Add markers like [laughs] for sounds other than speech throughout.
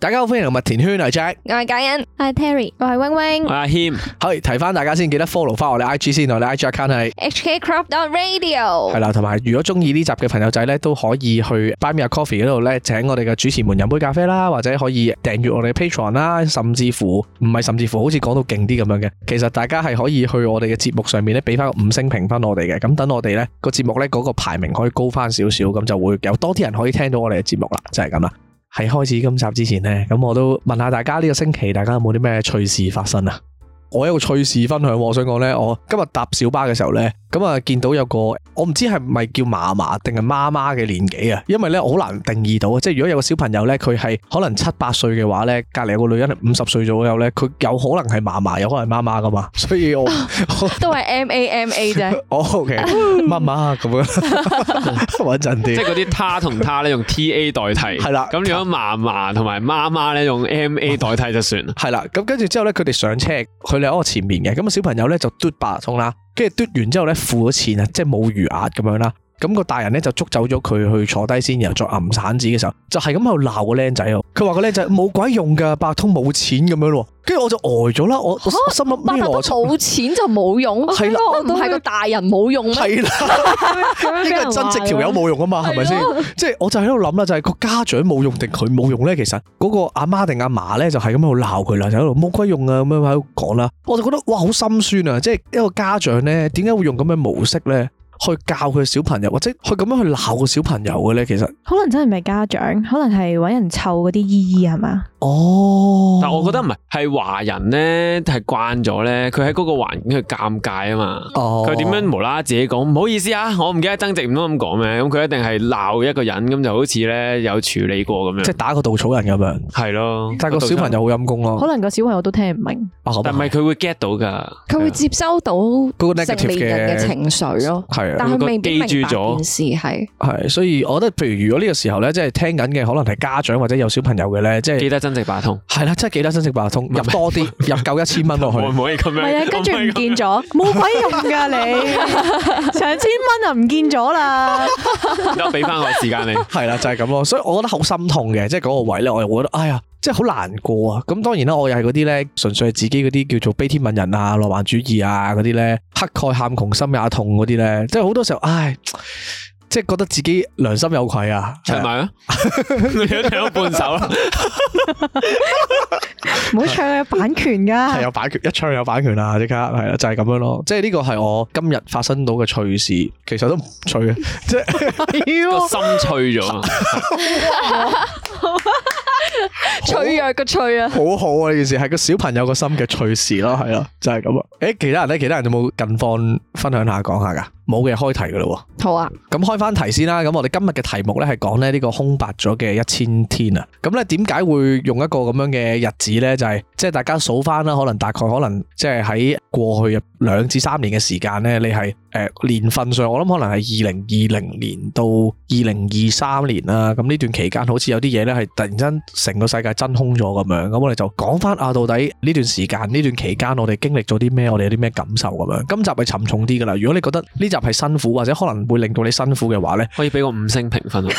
大家好，歡迎嚟麥田圈，係 Jack，我係 Kayan，我係 Terri，我係 Wing Wing，Him，好提翻大家先，記得 follow 翻我哋 IG 先，我哋 IG account 係 hkcrop.radio，係啦，同埋如果中意呢集嘅朋友仔咧，都可以去 Buy Me a Coffee 嗰度咧，請我哋嘅主持們飲杯咖啡啦，或者可以訂閱我哋嘅 Patreon 啦，甚至乎唔係甚至乎好似講到勁啲咁樣嘅，其實大家係可以去我哋嘅節目上面咧，俾翻個五星評分我哋嘅，咁等我哋咧個節目咧嗰個排名可以高翻少少，咁就會有多啲人可以聽到我哋嘅節目啦，就係咁啦。喺開始今集之前呢，咁我都問下大家，呢個星期，大家有冇啲咩趣事發生啊？我有個趣事分享，我想講咧，我今日搭小巴嘅時候咧，咁啊見到有個我唔知係咪叫嫲嫲定係媽媽嘅年紀啊，因為咧好難定義到啊，即係如果有個小朋友咧，佢係可能七八歲嘅話咧，隔籬有個女人係五十歲左右咧，佢有可能係嫲嫲，有可能係媽媽噶嘛，所以我、啊、我都係 M A M A 啫。 [laughs] 哦，OK，麻麻咁樣穩陣啲， [laughs] 點即係嗰啲他同他咧用 T A 代替，係啦 [laughs] 了。咁如果嫲嫲同埋媽媽咧用 M A 代替就算啦。係啦、啊，咁跟住之後咧，佢哋上車你喺我前面嘅咁啊，那個、小朋友咧就嘟八筒啦，跟住嘟完之後咧付咗錢啊，即係冇餘額咁樣啦。咁個大人咧就捉走咗佢去坐低先，然後再揞散紙嘅時候，就係咁喺度鬧個僆仔。佢話個僆仔冇鬼用噶，白通冇錢咁樣咯。跟住我就呆咗啦，我，蛤我心諗百通冇錢就冇用，係咯的，都係個大人冇用啦。係啦的，呢個 [laughs] 真正條友冇用啊嘛，係咪先？即係的、就是、我就喺度諗啦，就係、是、個家長冇用定佢冇用咧？其實嗰個阿媽定阿嫲咧就係咁喺度鬧佢啦，喺度冇鬼用啊咁樣喺度講啦。我就覺得哇，好心酸啊！即係一個家長咧，點解會用咁嘅模式咧？去教佢小朋友，或者去咁樣去鬧個小朋友嘅咧，其實可能真係唔係家長，可能係搵人湊嗰啲姨姨係嘛？哦，但我覺得唔係，係華人咧係慣咗咧，佢喺嗰個環境去尷尬啊嘛。哦，佢點樣無啦啦自己講唔好意思啊，我唔記得曾植唔通咁講咩？咁佢一定係鬧一個人，咁就好似咧有處理過咁樣，即係打個稻草人咁樣，係咯的。但係個小朋友好陰功咯，草可能個小朋友都聽唔明，啊、但係佢會 get 到噶，佢會接收到嗰的個 negative 嘅情緒咯、啊，但佢未記住咗件事係係，所以我覺得，譬如如果呢個時候咧，即係聽緊嘅，可能係家長或者有小朋友嘅咧，即係記得增值八達通，係啦，即係記得增值八達通，是入多啲， [laughs] 入夠一千蚊落去，可唔可以咁樣？唔係啊，跟住唔見咗，冇鬼用噶你，成 [laughs] 千蚊就唔見咗啦，而家俾翻我時間你，係啦就係咁咯，所以我覺得好心痛嘅，即係嗰個位咧，我又覺得哎呀。即係好難過啊！咁當然啦，我又係嗰啲咧，純粹係自己嗰啲叫做悲天憫人啊、浪漫主義啊嗰啲咧，乞丐喊窮心也痛嗰啲咧，即係好多時候，唉。即係覺得自己良心有愧啊！唱埋啊， [laughs] 你啦，唱咗半首啦，唔好 [laughs] [laughs] 唱啊！有版權噶係有版權，一唱有版權啊，就是、啊。即刻係啦，就係咁樣咯。即係呢個係我今日發生到嘅趣事，其實都唔趣啊。即係 [laughs] [laughs] 心脆咗， [laughs] [laughs] [laughs] 脆弱嘅脆啊，好！好好啊，件事係個小朋友個心嘅趣事咯，係啦、啊啊，就係、是、咁啊。誒，其他人咧，其他人有冇近況分享下講下噶、啊？冇嘅開題噶咯，好啊，咁開翻題先啦。咁我哋今日嘅題目咧係講咧呢個空白咗嘅一千天啊。咁咧點解會用一個咁樣嘅日子咧？就係即係大家數翻啦，可能大概可能即係喺過去兩至三年嘅時間咧，你係。年份上我諗可能係二零二零年到二零二三年啦，咁呢段期間好似有啲嘢呢係突然間成個世界真空咗咁樣，咁我哋就講翻啊，到底呢段時間呢段期間我哋經歷咗啲咩，我哋有啲咩感受咁樣？今集係沉重啲噶啦，如果你覺得呢集係辛苦或者可能會令到你辛苦嘅話呢，可以俾個五星評分啊，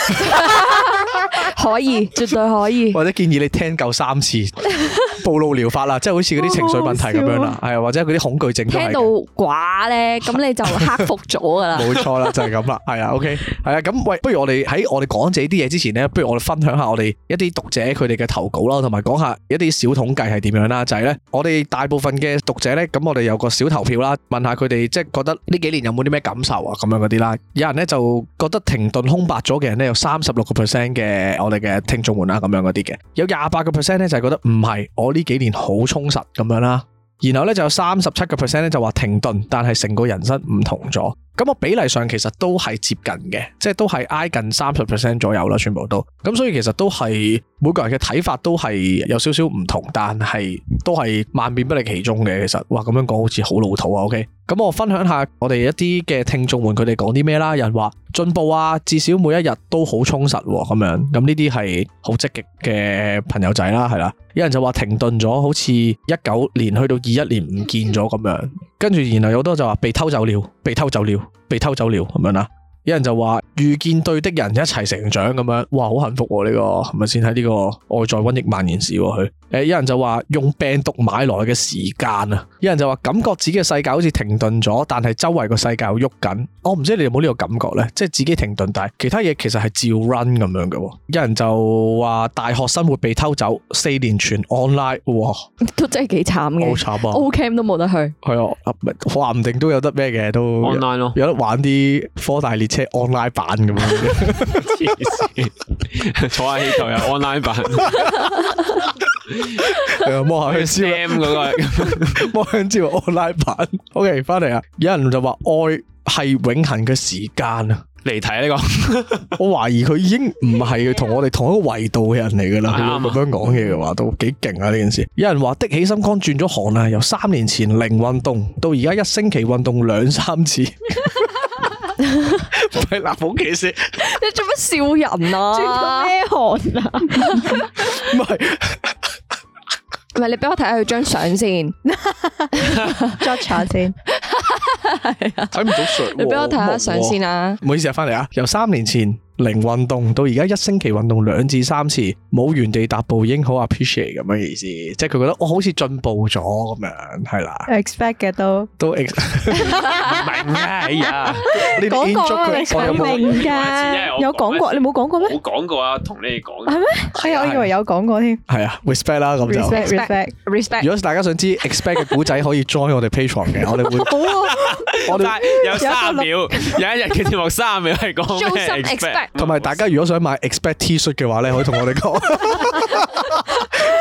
可以，絕對可以， [laughs] 或者建議你聽夠三次。 [laughs] 暴露療法啦，即係好似嗰啲情緒問題咁樣啦，係、哦啊、或者嗰啲恐懼症。聽到寡咧，咁你就克服咗噶啦，冇 [laughs] [laughs] 錯啦，就係咁啦，係啊 [laughs] ，OK，係啊，咁喂，不如我哋喺我哋講自己啲嘢之前咧，不如我哋分享下我哋一啲讀者佢哋嘅投稿啦，同埋講下一啲小統計係點樣啦，就係咧，我哋大部分嘅讀者咧，咁我哋有個小投票啦，問下佢哋即係覺得呢幾年有冇啲咩感受啊，咁樣嗰啲啦，有人咧就覺得停頓空白咗嘅人咧有三十六個 percent 嘅我哋嘅聽眾們啊，咁樣嗰啲嘅，有廿八個 percent 咧就是、覺得唔係我，呢幾年好充實咁樣啦，然後咧就有三十七個 percent 咧就話停頓，但係成個人生唔同咗。咁我比例上其實都係接近嘅，即係都係捱近三十 percent 左右啦，全部都。咁所以其實都係每個人嘅睇法都係有少少唔同，但係都係萬變不離其宗嘅。其實，哇咁樣講好似好老土啊。OK，咁我分享下我哋一啲嘅聽眾們佢哋講啲咩啦。有人話進步啊，至少每一日都好充實喎、啊。咁樣，咁呢啲係好積極嘅朋友仔啦，係啦。有人就話停頓咗，好似一九年去到二一年唔見咗咁樣。跟住，然後有多就話被偷走了，被偷走了，被偷走了咁樣啦。是有人就話，遇見對的人一齊成長咁樣，哇好幸福呢，啊這個，係咪先喺呢個愛在瘟疫蔓延時佢？誒，有人就話用病毒買來嘅時間啊！有人就話感覺自己嘅世界好似停頓咗，但係周圍個世界又喐緊。我、哦、唔知你有冇呢個感覺咧？即係自己停頓，但係其他嘢其實係照 run 咁樣嘅，啊。有人就話，大學生活被偷走，四年全 online，哇，都真係幾慘嘅，好慘啊 O Camp 都冇得去，係啊，話唔定都有得咩嘅都 online 咯，有得玩啲科大列。」即 online 版咁樣 [laughs] ，坐喺氣球又 online 版，又摸下香煙嗰個，摸香煙 online 版。OK，翻嚟啊！有人就話愛係永恆嘅時間啊！嚟睇呢個， [laughs] 我懷疑佢已經唔係同我哋同一個維度嘅人嚟噶啦。咁 [laughs] 樣講嘢嘅話都幾勁啊！呢件事，有人話的起心肝轉咗行啦，由三年前零運動到而家一星期運動兩三次。 [laughs] 唔係南風騎士，你做乜笑人啊？穿咩汗啊？唔係唔係，你俾我睇下佢張相先，check 下先。睇唔到相，你俾我睇下相先啦。唔好意思，翻嚟啊，由三年前。零運動到而家一星期運動兩至三次，冇原地踏步已經好 appreciate 咁樣嘅意思，即係佢覺得我好似進步咗咁樣，係啦。Expect 嘅都都明咩呀？講過我明㗎，有講過你冇講過咩？冇講過啊，同你講係咩？係我以為有講過添。係啊，respect 啦，咁就 respect。如果大家想知 expect 嘅古仔，可以 join 我哋 Patreon 嘅，我哋會。我哋有三秒，有一日嘅節目三秒係講同埋，大家如果想買 Expect T 恤嘅話咧，可以同我哋講。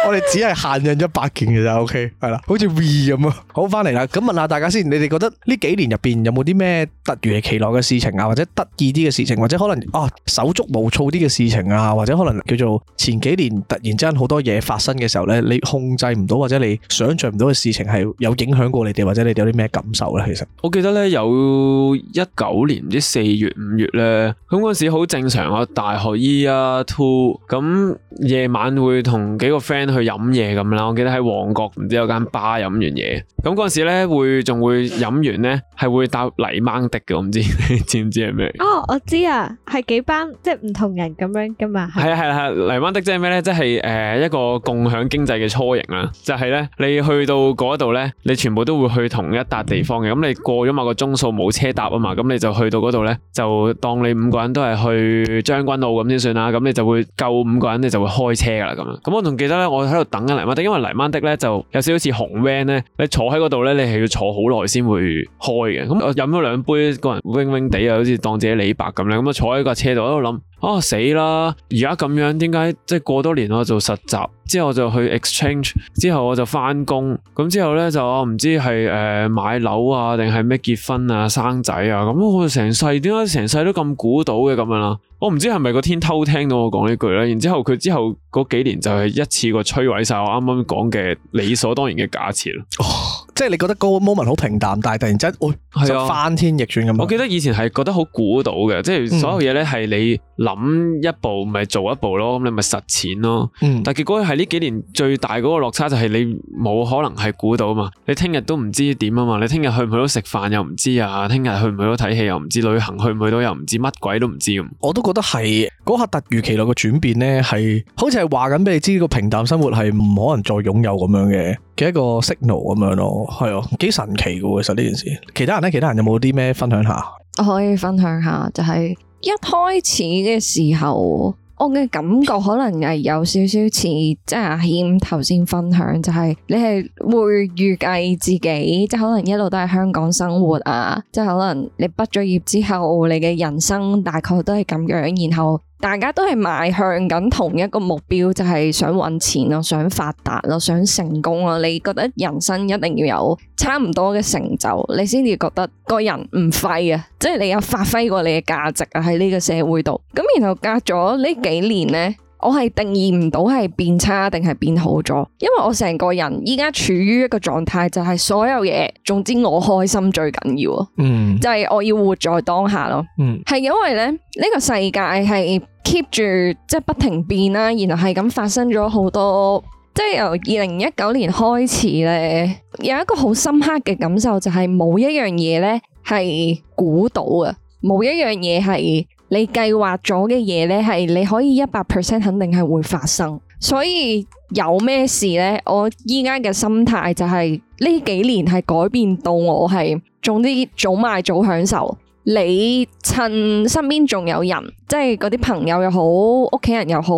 我哋只係限印一百件嘅咋，OK？係啦，好似 V 咁啊。好，翻嚟啦。咁問下大家先，你哋覺得呢幾年入邊有冇啲咩突如其來嘅事情啊，或者得意啲嘅事情，或者可能啊手足無措啲嘅事情啊，或者可能叫做前幾年突然之間好多嘢發生嘅時候咧，你控制唔到或者你想象唔到嘅事情係有影響過你哋，或者你哋有啲咩感受咧？其實我記得咧，有一九年唔知四月五月咧，咁嗰陣時好正常啊，大學 year two，咁夜晚會同幾個 friend。去飲嘢咁啦，我記得喺旺角唔知有間吧飲完嘢，咁嗰陣時咧會仲會飲完咧係會搭泥鯭的嘅，我唔知 [laughs] 你知唔知係咩？哦，我知啊，係幾班，即係唔同人咁樣噶嘛。係啊係啊，係，泥鯭的即係咩咧？即係誒、呃、一個共享經濟嘅雛形啊，就係、是、咧你去到嗰度咧，你全部都會去同一笪地方嘅，咁你過咗某個鐘數冇車搭啊嘛，咁你就去到嗰度咧，就當你五個人都係去將軍澳咁先算啦，咁你就會夠五個人你就會開車噶啦咁樣。咁我仲記得咧我。我喺度等緊黎曼的，因為黎曼的咧就有少少似紅 van 咧，你坐喺嗰度咧，你係要坐好耐先會開嘅。咁、嗯、我飲咗兩杯，個人嗡嗡地啊，好似當自己李白咁咧。咁、嗯、我坐喺架車度喺度諗。啊死啦！而家咁樣，點解即係過多年我做實習之後我就去 exchange 之後我就翻工，咁之後咧就我唔知係誒、呃、買樓啊定係咩結婚啊生仔啊，咁我成世點解成世都咁估到嘅咁樣啦、啊？我唔知係咪個天偷聽到我講呢句咧？然之後佢之後嗰幾年就係一次過摧毀晒我啱啱講嘅理所當然嘅假設咯。 [laughs] 即係你覺得嗰個 moment 好平淡，但係突然之間，哦，就翻天逆轉咁。我記得以前係覺得好估到嘅，嗯、即係所有嘢咧係你諗一,一步，咪做一步咯。咁你咪實踐咯。但係結果係呢幾年最大嗰個落差，就係你冇可能係估到嘛。你聽日都唔知點啊，嘛。你聽日去唔去到食飯又唔知啊。聽日去唔去到睇戲又唔知。旅行去唔去到又唔知。乜鬼都唔知咁。我都覺得係嗰刻突如其來嘅轉變咧，係好似係話緊俾你知個平淡生活係唔可能再擁有咁樣嘅。嘅一個 signal 咁樣咯，係啊，幾神奇噶，其實呢件事。其他人咧，其他人有冇啲咩分享下？我可以分享下，就係一開始嘅時候，我嘅感覺可能係有少少似即係阿謙頭先分享，就係你係會預計自己，即係可能一路都喺香港生活啊，即係可能你畢咗業之後，你嘅人生大概都係咁樣，然後。大家都係邁向緊同一個目標，就係想揾錢咯，想發達咯，想成功咯。你覺得人生一定要有差唔多嘅成就，你先至覺得個人唔廢啊，即係你有發揮過你嘅價值啊喺呢個社會度。咁然後隔咗呢幾年呢。我係定義唔到係變差定係變好咗，因為我成個人而家處於一個狀態，就係、是、所有嘢，總之我開心最緊要。嗯，mm. 就係我要活在當下咯。嗯，係因為咧呢、這個世界係 keep 住即係不停變啦，然後係咁發生咗好多，即、就、係、是、由二零一九年開始咧，有一個好深刻嘅感受就係、是、冇一樣嘢咧係估到呀，冇一樣嘢係。你計劃咗嘅嘢呢，係你可以一百 percent 肯定係會發生，所以有咩事呢？我依家嘅心態就係呢幾年係改變到我係，總之早買早享受。你趁身邊仲有人，即係嗰啲朋友又好，屋企人又好，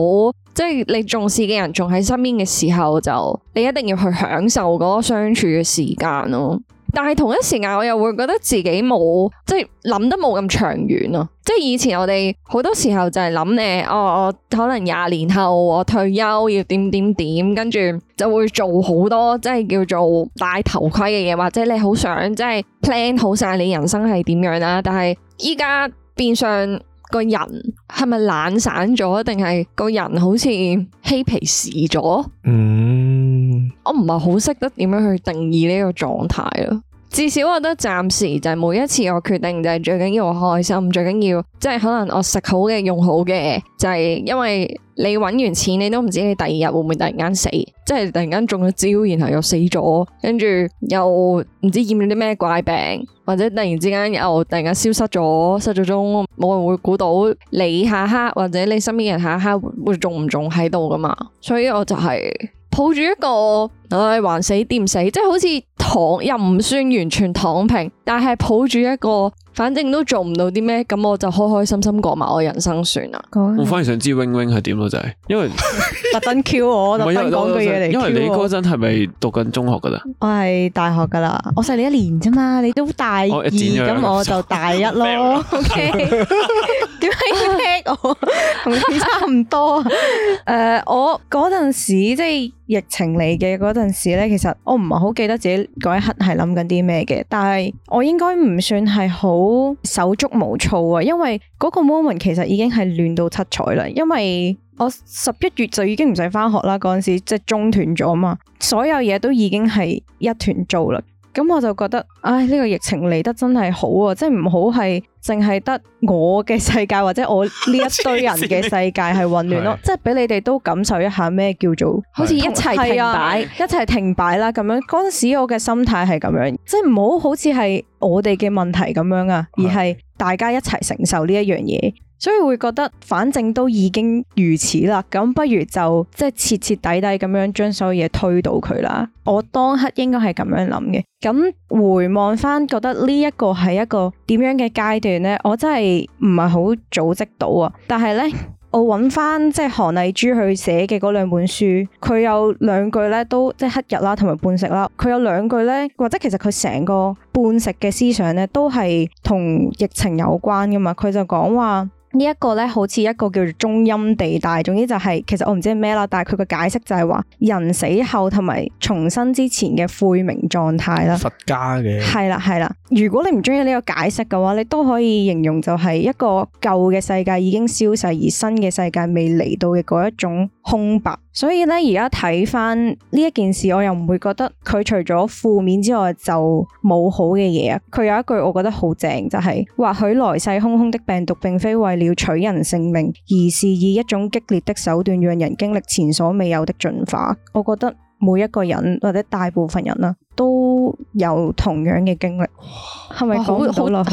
即係你重視嘅人仲喺身邊嘅時候就，就你一定要去享受嗰個相處嘅時間咯。但係同一時間，我又會覺得自己冇即係諗得冇咁長遠咯。即係、啊、以前我哋好多時候就係諗誒，我、哦、我可能廿年後我退休要點點點，跟住就會做好多即係叫做戴頭盔嘅嘢，或者你好想即係 plan 好晒你人生係點樣啦。但係依家變相，個人係咪懶散咗，定係個人好似嬉皮士咗？嗯。我唔係好識得點樣去定義呢個狀態。至少我覺得暫時就係每一次我決定就係最緊要我開心，最緊要即係、就是、可能我食好嘅用好嘅。就係、是、因為你搵完錢，你都唔知你第二日會唔會突然間死，即、就、係、是、突然間中咗招，然後又死咗，跟住又唔知染咗啲咩怪病，或者突然之間又突然間消失咗，失咗蹤，冇人會估到你下刻或者你身邊的人下刻會中唔中喺度㗎嘛？所以我就係、是。抱住一個，唉，還死掂死，即係好似躺，又唔算完全躺平，但係抱住一個，反正都做唔到啲咩，咁我就開開心心過埋我人生算啦。我反而想知 Wing Wing 係點咯，就係因為。 [laughs] [laughs] 特登 Q 我，特登講句嘢嚟。因為你嗰陣係咪讀緊中學㗎啦？我係大學㗎啦，我細你一年啫嘛，你都大二，咁我，我就大一咯。OK？點解要劈我？同你差唔多啊。誒、 [laughs] uh，我嗰陣時即係疫情嚟嘅嗰陣時咧，其實我唔係好記得自己嗰一刻係諗緊啲咩嘅，但係我應該唔算係好手足無措啊，因為嗰個 moment 其實已經係亂到七彩啦，因為。我十一月就已經唔使翻學啦，嗰陣時即係中斷咗嘛，所有嘢都已經係一團糟啦。咁我就覺得，唉，呢個疫情嚟得真係好啊，即係唔好係淨係得我嘅世界或者我呢一堆人嘅世界係混亂咯，即係俾你哋都感受一下咩叫做的好似一齊停擺，一齊停擺啦咁樣。嗰陣時我嘅心態係咁樣，即係唔好好似係我哋嘅問題咁樣啊，而係大家一齊承受呢一樣嘢。所以會覺得反正都已經如此啦，咁不如就即係徹徹底底咁樣將所有嘢推到佢啦。我當刻應該係咁樣諗嘅。咁回望翻，覺得呢一個係一個點樣嘅階段呢？我真係唔係好組織到啊。但係呢，我揾翻即係韓麗珠去寫嘅嗰兩本書，佢有兩句呢都即係黑日啦，同埋半食啦。佢有兩句呢，或者其實佢成個半食嘅思想呢都係同疫情有關噶嘛。佢就講話。呢一個好似一個叫做中陰地帶，總之就係、是，其實我唔知係咩啦，但係佢個解釋就係話，人死後同埋重生之前嘅晦明狀態啦。佛家嘅係啦係啦，如果你唔中意呢個解釋嘅話，你都可以形容就係一個舊嘅世界已經消逝，而新嘅世界未嚟到嘅嗰一種。空白，所以呢，而家睇翻呢一件事，我又唔會覺得佢除咗負面之外就冇好嘅嘢啊！佢有一句我覺得好正，就係或許來勢洶洶的病毒，並非為了取人性命，而是以一種激烈的手段，讓人經歷前所未有的進化。我覺得每一個人或者大部分人啦。都有同樣嘅經歷，係咪好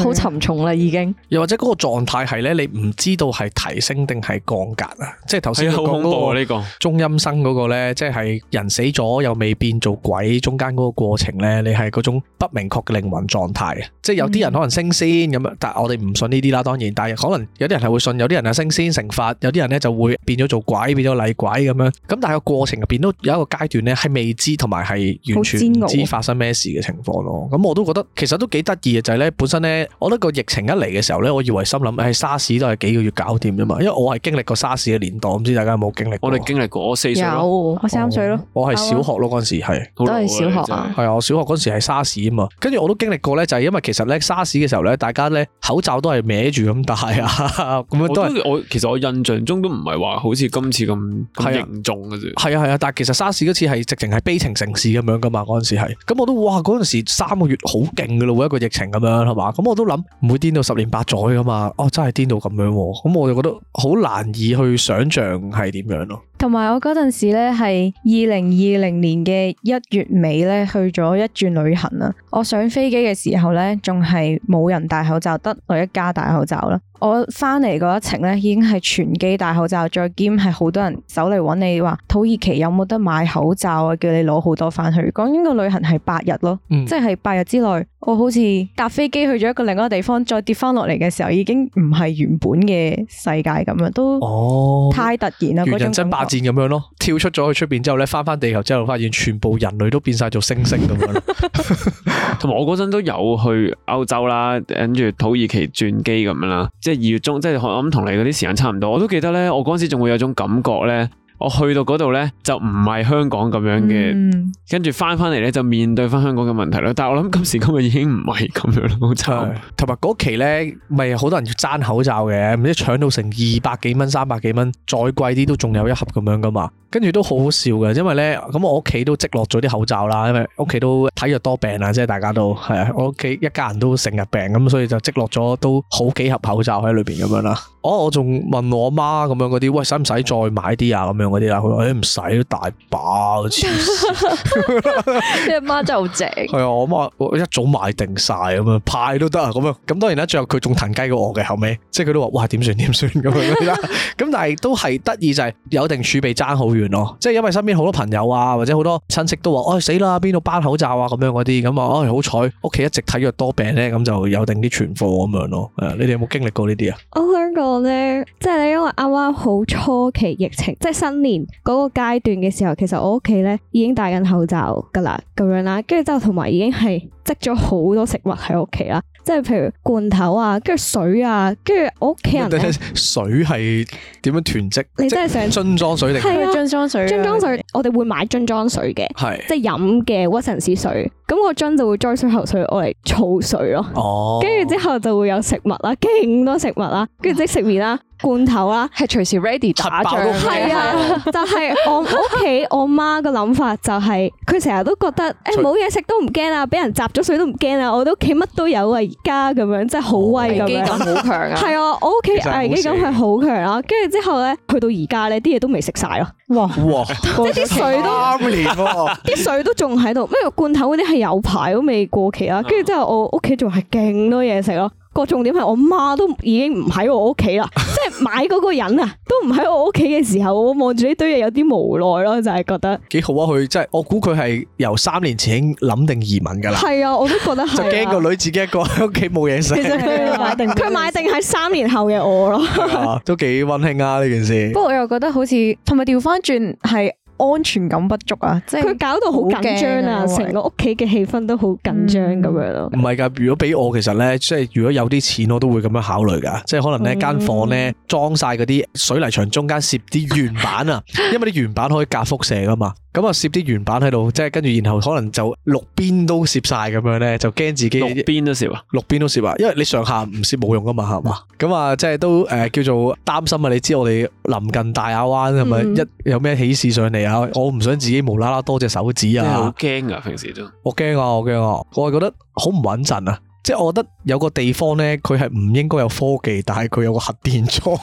好沉重啦？已經又或者嗰個狀態係咧，你唔知道係提升定係降格、欸，好恐怖、啊！即係頭先講呢個中陰生嗰個咧，即係人死咗又未變做鬼，中間嗰個過程呢，你係嗰種不明確嘅靈魂狀態啊！即係有啲人可能升仙咁，嗯、但係我哋唔信呢啲啦，當然，但係可能有啲人係會信，有啲人係升仙成佛，有啲人呢就會變咗做鬼，變咗厲鬼咁樣。咁但係個過程入邊都有一個階段呢，係未知同埋係完全唔知。和 發生咩事嘅情況咯？咁我都覺得其實都幾得意嘅，就係、是、咧本身咧，我覺得個疫情一嚟嘅時候咧，我以為心諗喺、哎、沙士都係幾個月搞掂啫嘛。因為我係經歷過沙士嘅年代，唔知大家有冇經歷？我哋經歷過，我四歲，有我三歲咯、哦。我係小學咯，嗰陣時係，啊、時都係小學啊。係啊，我小學嗰時係沙士啊嘛。跟住我都經歷過咧，就係因為其實咧沙士嘅時候咧，大家咧口罩都係孭住咁戴啊。咁、嗯、 [laughs] 樣都係我，我其實我印象中都唔係話好似今次咁咁、啊、凝重嘅啫。係啊係啊，但係其實沙士嗰次係直情係悲情城市咁樣噶嘛，嗰陣時係。咁我都哇，嗰陣時三個月好勁噶咯，一個疫情咁樣，係嘛？咁我都諗唔會癲到十年八載噶嘛。哦，真係癲到咁樣，啊，咁我就覺得好難以去想象係點樣咯。同埋我嗰陣時咧，係二零二零年嘅一月尾咧，去咗一轉旅行啊。我上飛機嘅時候咧，仲係冇人戴口罩，得我一家戴口罩啦。我返嚟嗰一程咧，已經係全機戴口罩，再兼係好多人走嚟揾你話土耳其有冇得買口罩啊，叫你攞好多返去。講緊個旅行係八日咯，嗯、即係八日之內。我好似搭飛機去咗一個另一個地方，再跌翻落嚟嘅時候，已經唔係原本嘅世界咁樣，都太突然啦嗰、哦、種，即係霸佔咁樣咯。跳出咗去出邊之後咧，翻翻地球之後，發現全部人類都變晒做猩猩咁樣。同埋 [laughs] [laughs] 我嗰陣都有去歐洲啦，跟住土耳其轉機咁樣啦，即係二月中，即係我諗同你嗰啲時間差唔多。我都記得咧，我嗰陣時仲會有種感覺咧。我去到嗰度呢，就唔係香港咁樣嘅，跟住翻翻嚟呢，就面對翻香港嘅問題咯。但係我諗今時今日已經唔係咁樣啦，就同埋嗰期呢，咪好多人要爭口罩嘅，唔知搶到成二百幾蚊、三百幾蚊，再貴啲都仲有一盒咁樣噶嘛。跟住都好好笑嘅，因為呢，咁我屋企都積落咗啲口罩啦，因為屋企都體弱多病啊，即係大家都係啊，我屋企一家人都成日病，咁所以就積落咗都好幾盒口罩喺裏邊咁樣啦。哦，我仲問我媽咁樣嗰啲，喂，使唔使再買啲啊？咁樣。嗰啲啦，佢話：誒，唔使，都大把，即你阿媽真係好正。係啊， [laughs] 我媽我一早買定晒。咁樣派都得啊，咁樣咁當然啦，最後佢仲騰雞過我嘅後尾，即係佢都話：哇，點算點算咁樣啦。咁但係都係得意就係有定儲備爭好遠咯。即係因為身邊好多朋友啊，或者好多親戚都話：哦，死啦，邊度班口罩啊咁樣嗰啲。咁、哎、啊，哦，好彩屋企一直體弱多病咧，咁就有定啲存貨咁樣咯。誒、啊，你哋有冇經歷過呢啲啊？我想講咧，即係你因為阿媽好初期疫情，即係新。年嗰個階段嘅時候，其實我屋企咧已經戴緊口罩噶啦，咁樣啦，跟住之後就同埋已經係積咗好多食物喺屋企啦，即係譬如罐頭啊，跟住水啊，跟住我屋企人。水係點樣囤積？你真係想樽裝水定樽裝水？樽裝水，我哋會買樽裝水嘅，係對 即係飲嘅屈臣氏水。咁個樽就會裝水喉水，我嚟儲水咯。哦，跟住之後就會有食物啦，勁多食物啦，跟住即食麵啦、罐頭啦，係隨時 ready 打仗。係啊，但係我屋企我媽個諗法就係，佢成日都覺得誒冇嘢食都唔驚啊，俾人擸咗水都唔驚啊。」我哋屋企乜都有啊，而家咁樣即係好危機感，好強啊！係啊，我屋企危機感係好強啊。跟住之後咧，去到而家咧，啲嘢都未食晒咯。哇，即係啲水都啲水都仲喺度。咩罐頭嗰啲係？有排都未過期啊。跟住之後我屋企仲係勁多嘢食咯。個重點係我媽都已經唔喺我屋企啦，即係 [laughs] 買嗰個人啊，都唔喺我屋企嘅時候，我望住呢堆嘢有啲無奈咯，就係、是、覺得幾好啊！佢即係，我估佢係由三年前諗定移民噶啦。係啊，我都覺得係驚個女自己一個喺屋企冇嘢食。其實佢、啊、買定，佢買定係三年後嘅我咯、 [laughs] 啊。都幾溫馨啊呢件事。 [laughs] 不過我又覺得好似同埋調翻轉係？安全感不足啊！即係佢搞到好緊張啊，成個屋企嘅氣氛都好緊張咁樣咯。唔係噶，如果俾我，其實咧，即係如果有啲錢，我都會咁樣考慮噶。即係可能呢間、嗯、房咧裝晒嗰啲水泥牆中間攝啲鉛板啊， [laughs] 因為啲鉛板可以隔輻射噶嘛。咁啊，攝啲原版喺度，即係跟住然後可能就六邊都攝晒咁樣咧，就驚自己六邊都攝啊，六邊都攝啊？因為你上下唔攝冇用噶嘛，係嘛？咁啊，嗯嗯、即係都誒、呃、叫做擔心啊！你知我哋臨近大亞灣係咪一有咩喜事上嚟啊？我唔想自己無啦啦多隻手指啊，好驚啊！平時都我驚啊，我驚啊，我係、啊、覺得好唔穩陣啊。即係我覺得有個地方咧，佢係唔應該有科技，但係佢有個核電廠。 [laughs] [laughs]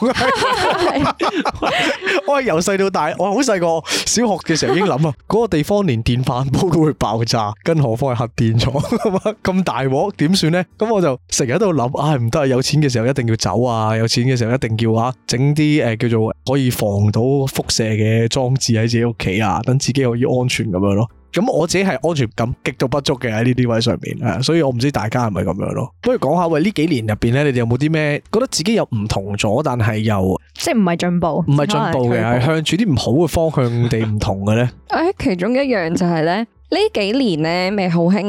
我係由細到大，我好細個，小學嘅時候已經諗啦，嗰 [laughs] 個地方連電飯煲都會爆炸，更何況係核電廠咁大鑊，點算咧？咁我就成日喺度諗，啊，唔得啊！有錢嘅時候一定要走啊，有錢嘅時候一定要啊整啲誒叫做可以防到輻射嘅裝置喺自己屋企啊，等自己可以安全咁樣咯。咁我自己係安全感極度不足嘅，喺呢啲位上面，係，所以我唔知大家係咪咁樣咯。不如講下喂，呢幾年入邊咧，你哋有冇啲咩覺得自己有唔同咗，但係又即係唔係進步，唔係進步嘅，係向住啲唔好嘅方向地唔同嘅咧？誒，其中一樣就係咧，呢幾年咧咪好興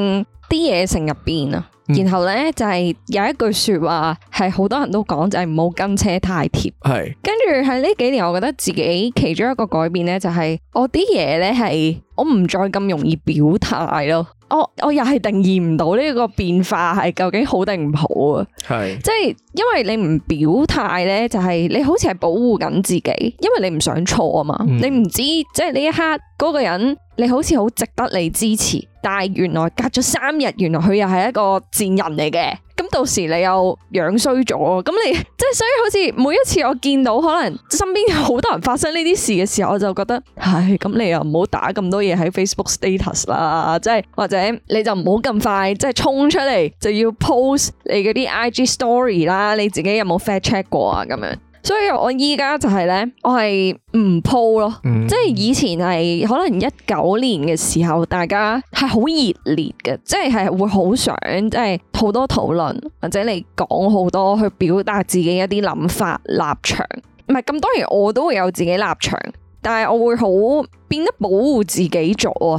啲嘢城入邊啊，然後咧就係有一句說話係好多人都講，就係唔好跟車太貼，係跟住喺呢幾年，我覺得自己其中一個改變咧就係我啲嘢咧係。我唔再咁容易表態咯，我我又係定義唔到呢個變化係究竟好定唔好啊。係是，即係因為你唔表態咧，就係、是、你好似係保護緊自己，因為你唔想錯啊嘛。嗯、你唔知即係呢一刻嗰個人，你好似好值得你支持，但係原來隔咗三日，原來佢又係一個賤人嚟嘅。咁到時你又樣衰咗，咁你即係所以，好似每一次我見到可能身邊好多人發生呢啲事嘅時候，我就覺得，唉，咁你又唔好打咁多嘢喺 Facebook status 啦，即係，或者你就唔好咁快即係衝出嚟就要 post 你嗰啲 IG story 啦，你自己有冇 fact check 過啊咁樣？所以我依家就係呢，我係唔鋪咯，嗯、即係以前係可能一九年嘅時候，大家係好熱烈嘅，即係係會好想即係好多討論，或者你講好多去表達自己一啲諗法立場。唔係咁當然我都會有自己立場，但係我會好變得保護自己做啊，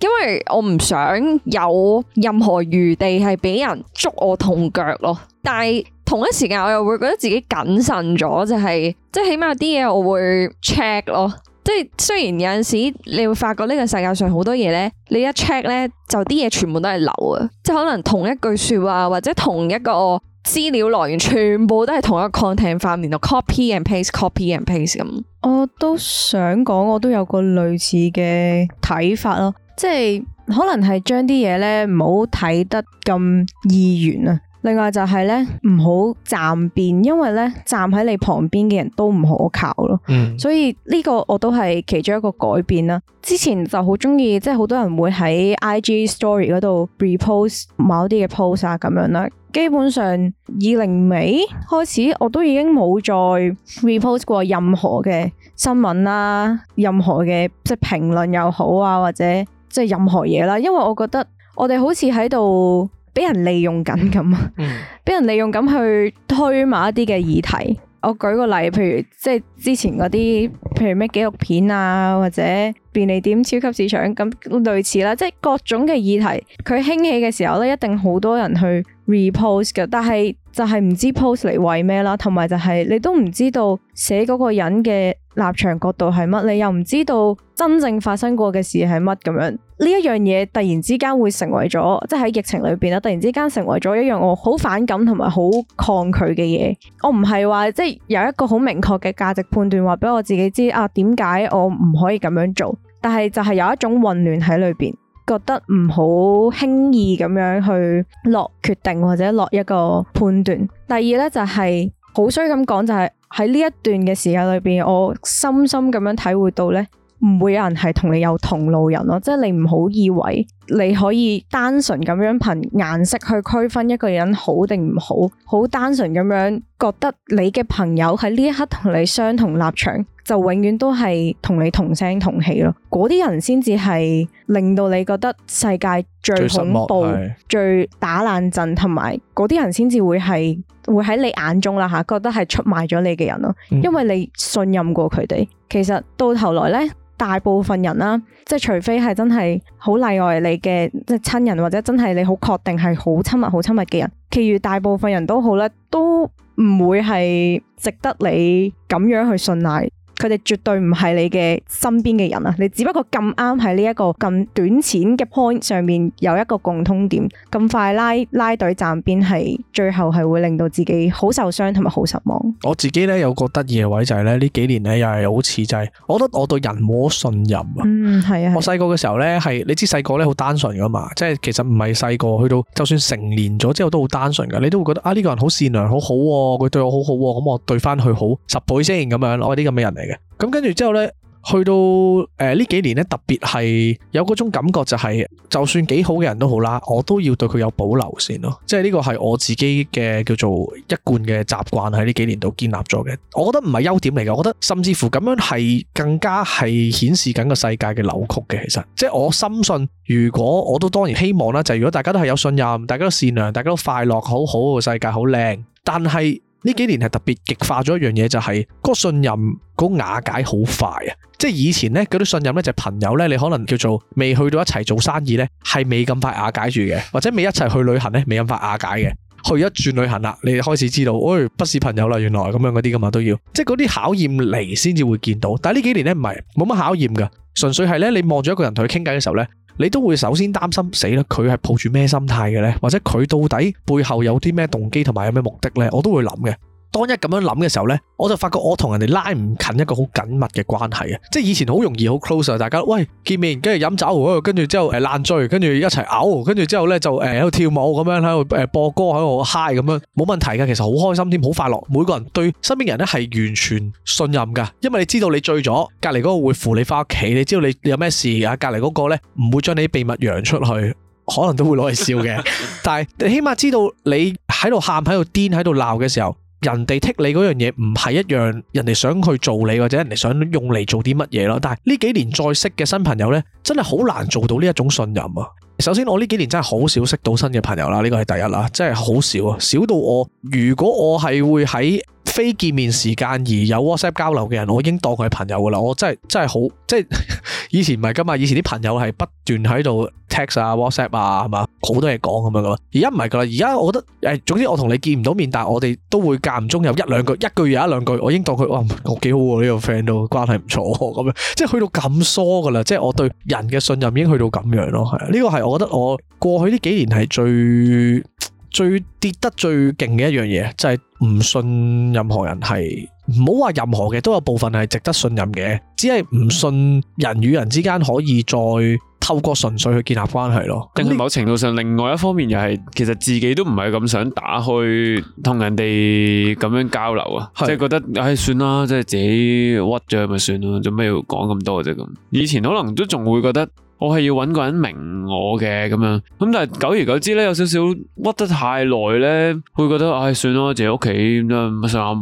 因為我唔想有任何餘地係俾人捉我痛腳咯。但係。同一時間，我又會覺得自己謹慎咗，就係即係起碼有啲嘢，我會 check 咯。即係雖然有陣時，你會發覺呢個世界上好多嘢呢，你一 check 呢，就啲嘢全部都係流啊！即係可能同一句説話，或者同一個資料來源，全部都係同一個 content 翻面，到 copy and paste, copy and paste，copy and paste 咁。我都想講，我都有個類似嘅睇法咯，即係可能係將啲嘢呢唔好睇得咁易源啊。另外就係咧，唔好站邊，因為咧，站喺你旁邊嘅人都唔可靠咯。嗯、所以呢個我都係其中一個改變啦。之前就好中意，即係好多人會喺 IG Story 嗰度 repost 某啲嘅 post 啊，咁樣啦。基本上二零尾開始，我都已經冇再 repost 過任何嘅新聞啦、啊，任何嘅即係評論又好啊，或者即係任何嘢啦。因為我覺得我哋好似喺度。俾人利用緊咁啊！俾人利用緊去推埋一啲嘅議題。我舉個例子，譬如之前嗰啲，譬如咩紀錄片啊，或者便利店、超級市場咁類似啦。即係各種嘅議題，佢興起嘅時候咧，一定好多人去 repost 嘅。但係，就係唔知 post 嚟為咩啦，同埋就係你都唔知道寫嗰個人嘅立場角度係乜，你又唔知道真正發生過嘅事係乜咁樣。呢一樣嘢突然之間會成為咗，即係喺疫情裏邊啦，突然之間成為咗一樣我好反感同埋好抗拒嘅嘢。我唔係話即係有一個好明確嘅價值判斷，話俾我自己知啊，點解我唔可以咁樣做？但係就係有一種混亂喺裏邊。覺得唔好輕易咁樣去落決定或者落一個判斷。第二呢就係好衰咁講，就係喺呢一段嘅時間裏面，我深深咁樣體會到呢：唔會有人係同你有同路人咯，即係你唔好以為。你可以單純咁樣憑顏色去區分一個人好定唔好，好單純咁樣覺得你嘅朋友喺呢一刻同你相同立場，就永遠都係同你同聲同氣咯。嗰啲人先至係令到你覺得世界最恐怖、最，最打冷震，同埋嗰啲人先至會係會喺你眼中啦嚇，覺得係出賣咗你嘅人咯，嗯、因為你信任過佢哋。其實到頭來呢。大部分人啦，即除非係真係好例外你嘅親人，或者真係你好確定係好親密好親密嘅人，其餘大部分人都好啦，都唔會係值得你咁樣去信賴。佢哋絕對唔係你嘅身邊嘅人啊！你只不過咁啱喺呢一個咁短淺嘅 point 上面有一個共通點，咁快拉拉隊站邊，係最後係會令到自己好受傷同埋好失望。我自己咧有個得意嘅位就係咧呢幾年咧又係好似就係、是，我覺得我對人冇乜信任啊。嗯，係啊。我細個嘅時候咧係，你知細個咧好單純噶嘛，即係其實唔係細個，去到就算成年咗之後都好單純㗎，你都會覺得啊呢、這個人好善良，好好、啊、喎，佢對我好好、啊、喎，咁我對翻佢好十倍先咁樣，我係啲咁嘅人嚟。咁跟住之後呢，去到誒呢、呃、幾年呢，特別係有嗰種感覺、就係，就係就算幾好嘅人都好啦，我都要對佢有保留先咯。即係呢個係我自己嘅叫做一貫嘅習慣喺呢幾年度建立咗嘅。我覺得唔係優點嚟嘅，我覺得甚至乎咁樣係更加係顯示緊個世界嘅扭曲嘅。其實，即係我深信，如果我都當然希望啦，就係、係、如果大家都係有信任，大家都善良，大家都快樂，好好嘅世界好靚，但係。呢幾年係特別極化咗一樣嘢，就係嗰個信任嗰瓦解好快啊！即係以前呢，嗰啲信任呢，就係朋友呢，你可能叫做未去到一齊做生意呢，係未咁快瓦解住嘅，或者未一齊去旅行呢，未咁快瓦解嘅。去一轉旅行啦，你開始知道，喂、哎，不是朋友啦，原來咁樣嗰啲噶嘛，都要即係嗰啲考驗嚟先至會見到。但係呢幾年呢，唔係冇乜考驗噶，純粹係呢，你望住一個人同佢傾偈嘅時候呢。你都會首先擔心，死啦！佢係抱住咩心態嘅呢？或者佢到底背後有啲咩動機，同埋有咩目的呢？我都會諗嘅。當一咁樣諗嘅時候呢，我就發覺我同人哋拉唔近一個好緊密嘅關係啊！即係以前好容易好 close，大家喂見面，跟住飲酒，度，跟住之後誒爛醉，跟住一齊嘔，跟住之後呢，就誒喺度跳舞咁樣喺度誒播歌喺度 high 咁樣，冇問題嘅，其實好開心添，好快樂。每個人對身邊人呢係完全信任噶，因為你知道你醉咗，隔籬嗰個會扶你翻屋企；你知道你有咩事啊，隔籬嗰個呢唔會將你啲秘密揚出去，可能都會攞嚟笑嘅。 [laughs] 但係你起碼知道你喺度喊喺度癲喺度鬧嘅時候。人哋剔你嗰樣嘢，唔係一樣，人哋想去做你或者人哋想用嚟做啲乜嘢咯。但係呢幾年再識嘅新朋友呢，真係好難做到呢一種信任啊。首先我呢幾年真係好少識到新嘅朋友啦，呢個係第一啦，真係好少啊，少到我如果我係會喺非見面時間而有 WhatsApp 交流嘅人，我已經當佢係朋友噶啦，我真係真係好，即係以前唔係噶嘛，以前啲朋友係不斷喺度。text 啊、WhatsApp 啊，係嘛，好多嘢講咁樣噶。而家唔係噶啦，而家我覺得誒，總之我同你見唔到面，但係我哋都會間唔中有一兩句，一句有一兩句，我已經當佢，哇，我幾好喎，呢個 friend 都關係唔錯，咁樣，即係去到咁疏噶啦，即係我對人嘅信任已經去到咁樣咯。係啊，呢個係我覺得我過去呢幾年係最最跌得最勁嘅一樣嘢，就係唔信任何人係，唔好話任何嘅都有部分係值得信任嘅，只係唔信人與人之間可以再。透過純粹去建立關係咯，定係某程度上另外一方面又係，其實自己都唔係咁想打去同人哋咁樣交流啊是的，即係覺得唉，算啦，即係自己屈咗咪算咯，做咩要講咁多啫咁？以前可能都仲會覺得。我係要揾個人明我嘅咁樣，咁但係久而久之咧，有少少屈得太耐咧，會覺得唉、哎，算啦，自己屋企上下網，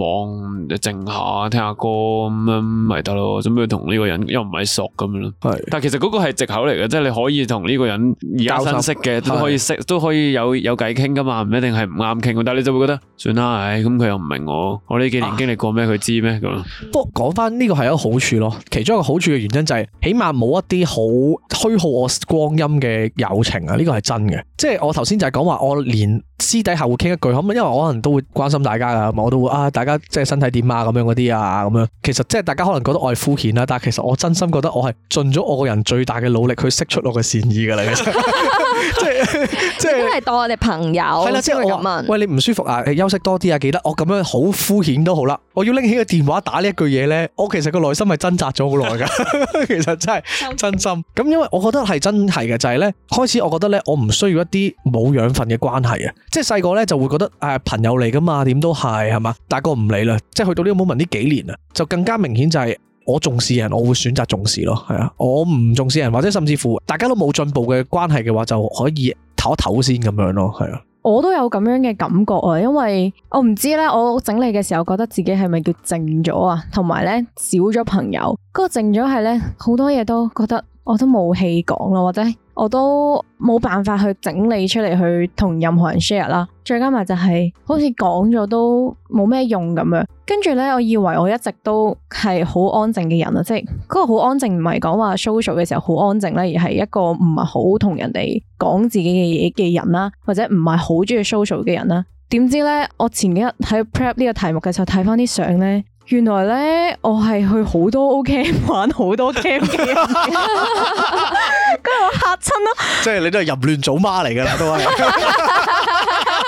靜下聽下歌咁樣，咪得咯。準備同呢個人又唔係熟咁樣咯。係是，但係其實嗰個係借口嚟嘅，即係你可以同呢個人而家新識嘅，都可以識，都可以有有偈傾㗎嘛，唔一定係唔啱傾。但係你就會覺得，算啦，唉、哎，咁佢又唔明我，我呢幾年經歷過咩，佢、啊、知咩咁。不過講返呢個係一個好處咯，其中一個好處嘅原因就係、是，起碼冇一啲好。消耗我光陰嘅友情啊，呢個係真嘅。即係我頭先就係講話，我連私底下會傾一句，咁因為我可能都會關心大家噶，我都會啊，大家即係身體點啊，咁樣嗰啲啊，咁樣。其實即係大家可能覺得我係敷衍啦，但係其實我真心覺得我係盡咗我個人最大嘅努力去釋出我嘅善意嘅嚟嘅，其實。 [laughs] 即係即係，都係當我哋朋友係啦。即係我問，喂，你唔舒服啊？休息多啲啊！記得我咁樣好敷衍都好啦。我要拎起個電話打呢一句嘢咧，我其實個內心係掙扎咗好耐噶。 [laughs] 其實真係 Okay. 真心。咁因為我覺得係真係嘅，就係咧開始，我覺得咧我唔需要一啲冇養分嘅關係啊。即係細個咧就會覺得誒朋友嚟噶嘛，點都係係嘛。大個唔理啦，即係去到呢個 moment 呢幾年啊，就更加明顯就係。我重視人，我會選擇重視咯，係啊，我唔重視人，或者甚至乎大家都冇進步嘅關係嘅話，就可以唞一唞先咁樣咯，係啊。我都有咁樣嘅感覺啊，因為我唔知咧，我整理嘅時候覺得自己係咪叫靜咗啊，同埋咧少咗朋友，嗰個靜咗係咧好多嘢都覺得我都冇氣講啦，或者。我都冇辦法去整理出嚟去同任何人 share 啦，再加埋就係好似講咗都冇咩用咁樣子。跟住呢，我以為我一直都係好安靜嘅人啊，即係嗰個好安靜唔係講話 social 嘅時候好安靜，而係一個唔係好同人哋講自己嘅嘢嘅人啦，或者唔係好中意 social 嘅人啦。點知呢，我前幾日喺 prep 呢個題目嘅時候睇翻啲相咧。原來咧， [laughs] [laughs] 我係去好多 O camp 玩好多 camp，跟住我嚇親啦。即係你都係淫亂組媽嚟噶啦，都係。 [laughs]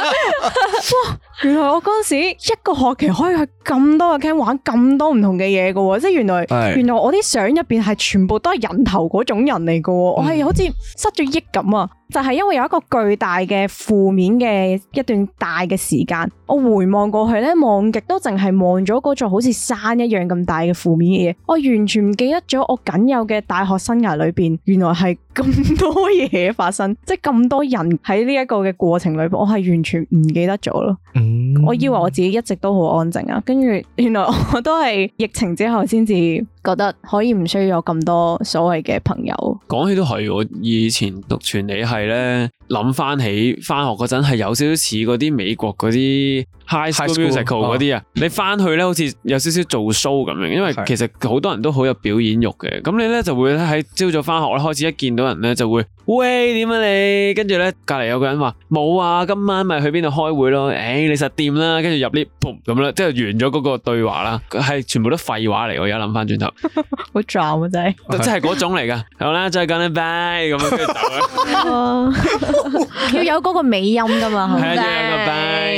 哇！原來我嗰時一個學期可以去咁多個 camp 玩咁多唔同嘅嘢噶喎，即係原來是 原來我啲相入邊係全部都係人頭嗰種人嚟噶，嗯、我係好似失咗憶咁啊！就係因為有一個巨大嘅負面嘅一段大嘅時間，我回望過去呢，望極都淨係望咗嗰座好似山一樣咁大嘅負面嘅嘢，我完全唔記得咗我僅有嘅大學生涯裏面，原來係咁多嘢發生，即係咁多人喺呢一個嘅過程裏面，我係完全唔記得咗咯。嗯，我以為我自己一直都好安靜啊，跟住原來我都係疫情之後先至。覺得可以唔需要有咁多所謂嘅朋友。講起都係，我以前讀傳理系咧。諗翻起翻學嗰陣係有少少似嗰啲美國嗰啲 High School Musical 嗰啲啊， [noise] 你翻去咧好似有少少做 show 咁樣，因為其實好多人都好有表演欲嘅，咁你咧就會喺朝早翻學咧開始一見到人咧就會喂點啊你，跟住咧隔籬有個人話冇啊，今晚咪去邊度開會咯，誒、欸、你實掂啦，跟住入 lift，咁啦，即係完咗嗰個對話啦，係全部都廢話嚟，我而家諗翻轉頭， [laughs] 好 jam 啊是 [laughs] 真係，真係嗰種嚟噶，好啦，再 gun 咁樣跟 [laughs] [laughs] [laughs] [laughs] 要有嗰個尾音噶嘛，係咪？拜拜，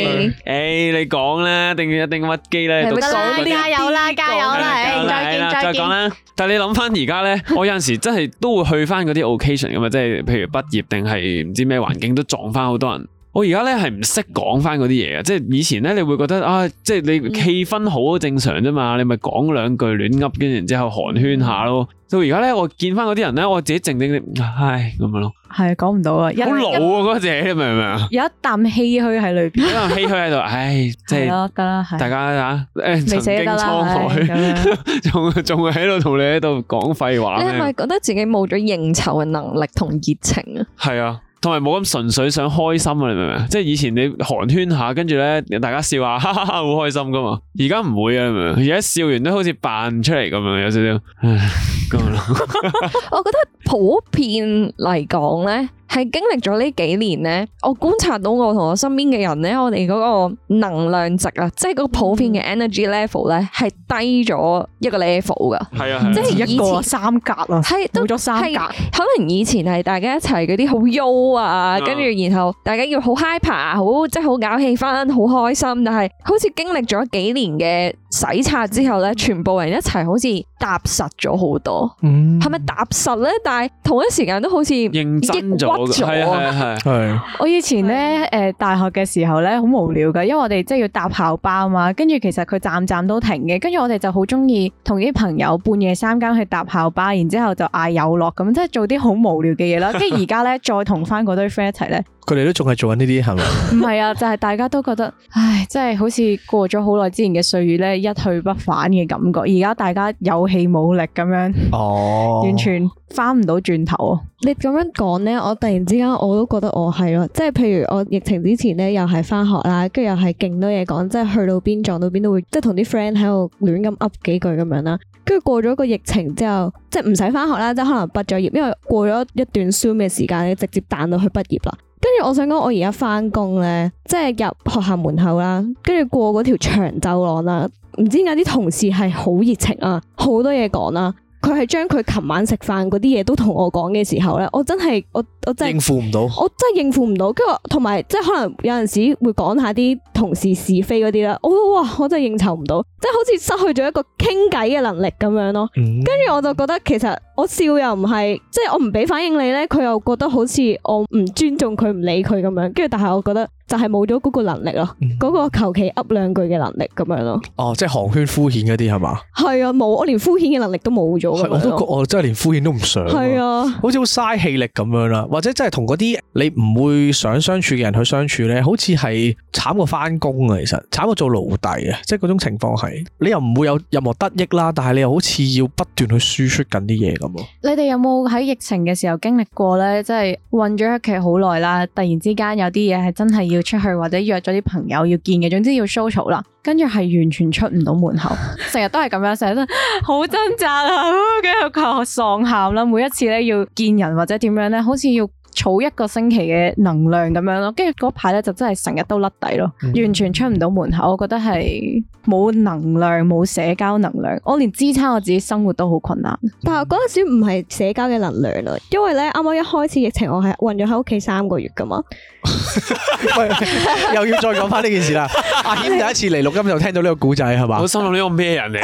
誒，你講啦，定一定要、這個、一定屈機咧，加油啦，加油啦，啊啊、再見，來再見。再但係你諗翻而家咧，我有陣時真係都會去翻嗰啲 occasion 噶嘛，即係譬如畢業定係唔知咩環境都撞翻好多人。我而家咧係唔識講翻嗰啲嘢，即以前咧，你會覺得、啊、即你氣氛好正常啫嘛，你咪講兩句亂噏，跟住然後之後寒暄下咯。到而家咧，我見翻嗰啲人咧，我自己靜靜啲，唉，咁樣咯。係講唔到啊，好老啊，嗰、那、隻、個、明唔明啊？有一啖唏噓喺裏邊，一啖唏噓喺度，唉，即、就、係、是、 [laughs] 大家吓誒，欸、沒死曾經滄海，仲仲喺度同你喺度講廢話。你係咪覺得自己冇咗應酬嘅能力同熱情啊？係啊的。同埋冇咁純粹想開心啊！你明唔明？即係以前你寒暄下，跟住咧大家笑下，哈哈哈，好開心噶嘛！而家唔會啊，你明唔明？而家笑完都好似扮出嚟咁樣，有少少。唉，咁 [laughs] [laughs] 我覺得普遍嚟講咧。係經歷咗呢幾年咧，我觀察到我同我身邊嘅人咧，我哋嗰個能量值啊，即係個普遍嘅 energy level 咧，係低咗一個 level 噶係啊，即係以前一個三格啊，係低咗三格。可能以前係大家一齊嗰啲好 U 啊，跟住然後大家要好 hyper 啊，好即係好搞氣氛，好開心。但係好似經歷咗幾年嘅洗刷之後咧，全部人一齊好似。踏實咗好多，係咪、嗯、踏實咧？但係同一時間都好似認真咗。係啊係係。我以前咧，誒、 [laughs] 呃，大學嘅時候咧，好無聊噶，因為我哋即係要搭校巴啊嘛，跟住其實佢站站都停嘅，跟住我哋就好中意同啲朋友半夜三更去搭校巴，然之後就嗌有樂咁，即係做啲好無聊嘅嘢啦。跟住而家咧，再同翻嗰堆 friend 一齊咧，佢哋都仲係做緊呢啲，係咪？唔係啊，就係、是、大家都覺得，唉，即係好似過咗好耐之前嘅歲月咧，一去不返嘅感覺。而家大家有氣冇力咁樣，哦，完全翻唔到轉頭啊。哦、你咁樣講咧，我突然之間我都覺得我係咯，即係譬如我疫情之前咧，又係翻學啦，跟住又係勁多嘢講，即係去到邊撞到邊都會，即係同啲 friend 喺度亂咁 up 幾句咁樣啦。跟住過咗個疫情之後，即係唔使翻學啦，即係可能畢咗業，因為過咗一段 short 嘅時間，直接彈到去畢業啦。跟住我想講，我而家翻工咧，即係入學校門口啦，跟住過嗰條長走廊啦，唔知點解啲同事係好熱情啊，好多嘢講啦，佢係將佢琴晚食飯嗰啲嘢都同我講嘅時候咧，我真係我我真係應付唔到，我真係應付唔到，跟住同埋即係可能有陣時會講下啲同事是非嗰啲啦。我，哇，我真係應酬唔到，即係好似失去咗一個傾偈嘅能力咁樣咯，跟住我就覺得其實。我笑又唔係，即係我唔俾反應你咧，佢又覺得好似我唔尊重佢，唔理佢咁樣。跟住，但係我覺得就係冇咗嗰個能力咯，嗰、嗯、個求其噏兩句嘅能力咁樣咯。哦、啊，即係行圈敷衍嗰啲係嘛？係啊，冇，我連敷衍嘅能力都冇咗。我都覺得我真係連敷衍都唔想。係啊，啊好似好嘥氣力咁樣啦，或者真係同嗰啲你唔會想相處嘅人去相處咧，好似係慘過翻工啊，其實慘過做奴隸啊，即係嗰種情況係你又唔會有任何得益啦，但係你又好似要不斷去輸出緊啲嘢咁。你哋有冇喺疫情嘅時候經歷過呢？即係困咗喺屋企好耐啦，突然之間有啲嘢，係真係要出去或者約咗啲朋友要見嘅，總之要 social 啦，跟住係完全出唔到門口，成日 [laughs] 都係咁樣，成日都好掙扎啊，跟住靠喪喊啦，每一次呢要見人或者點樣呢？好似要。儲一個星期嘅能量咁樣咯，跟住嗰排咧就真係成日都甩底咯，嗯、完全出唔到門口。我覺得係冇能量，冇社交能量，我連支撐我自己生活都好困難。但係嗰陣時唔係社交嘅能量啦，因為咧啱啱一開始疫情，我係困咗喺屋企三個月噶嘛， [laughs] [laughs] [laughs] 又要再講翻呢件事啦。 [laughs] 阿謙第一次嚟錄音就聽到呢個古仔係嘛？我心諗呢個咩人嚟？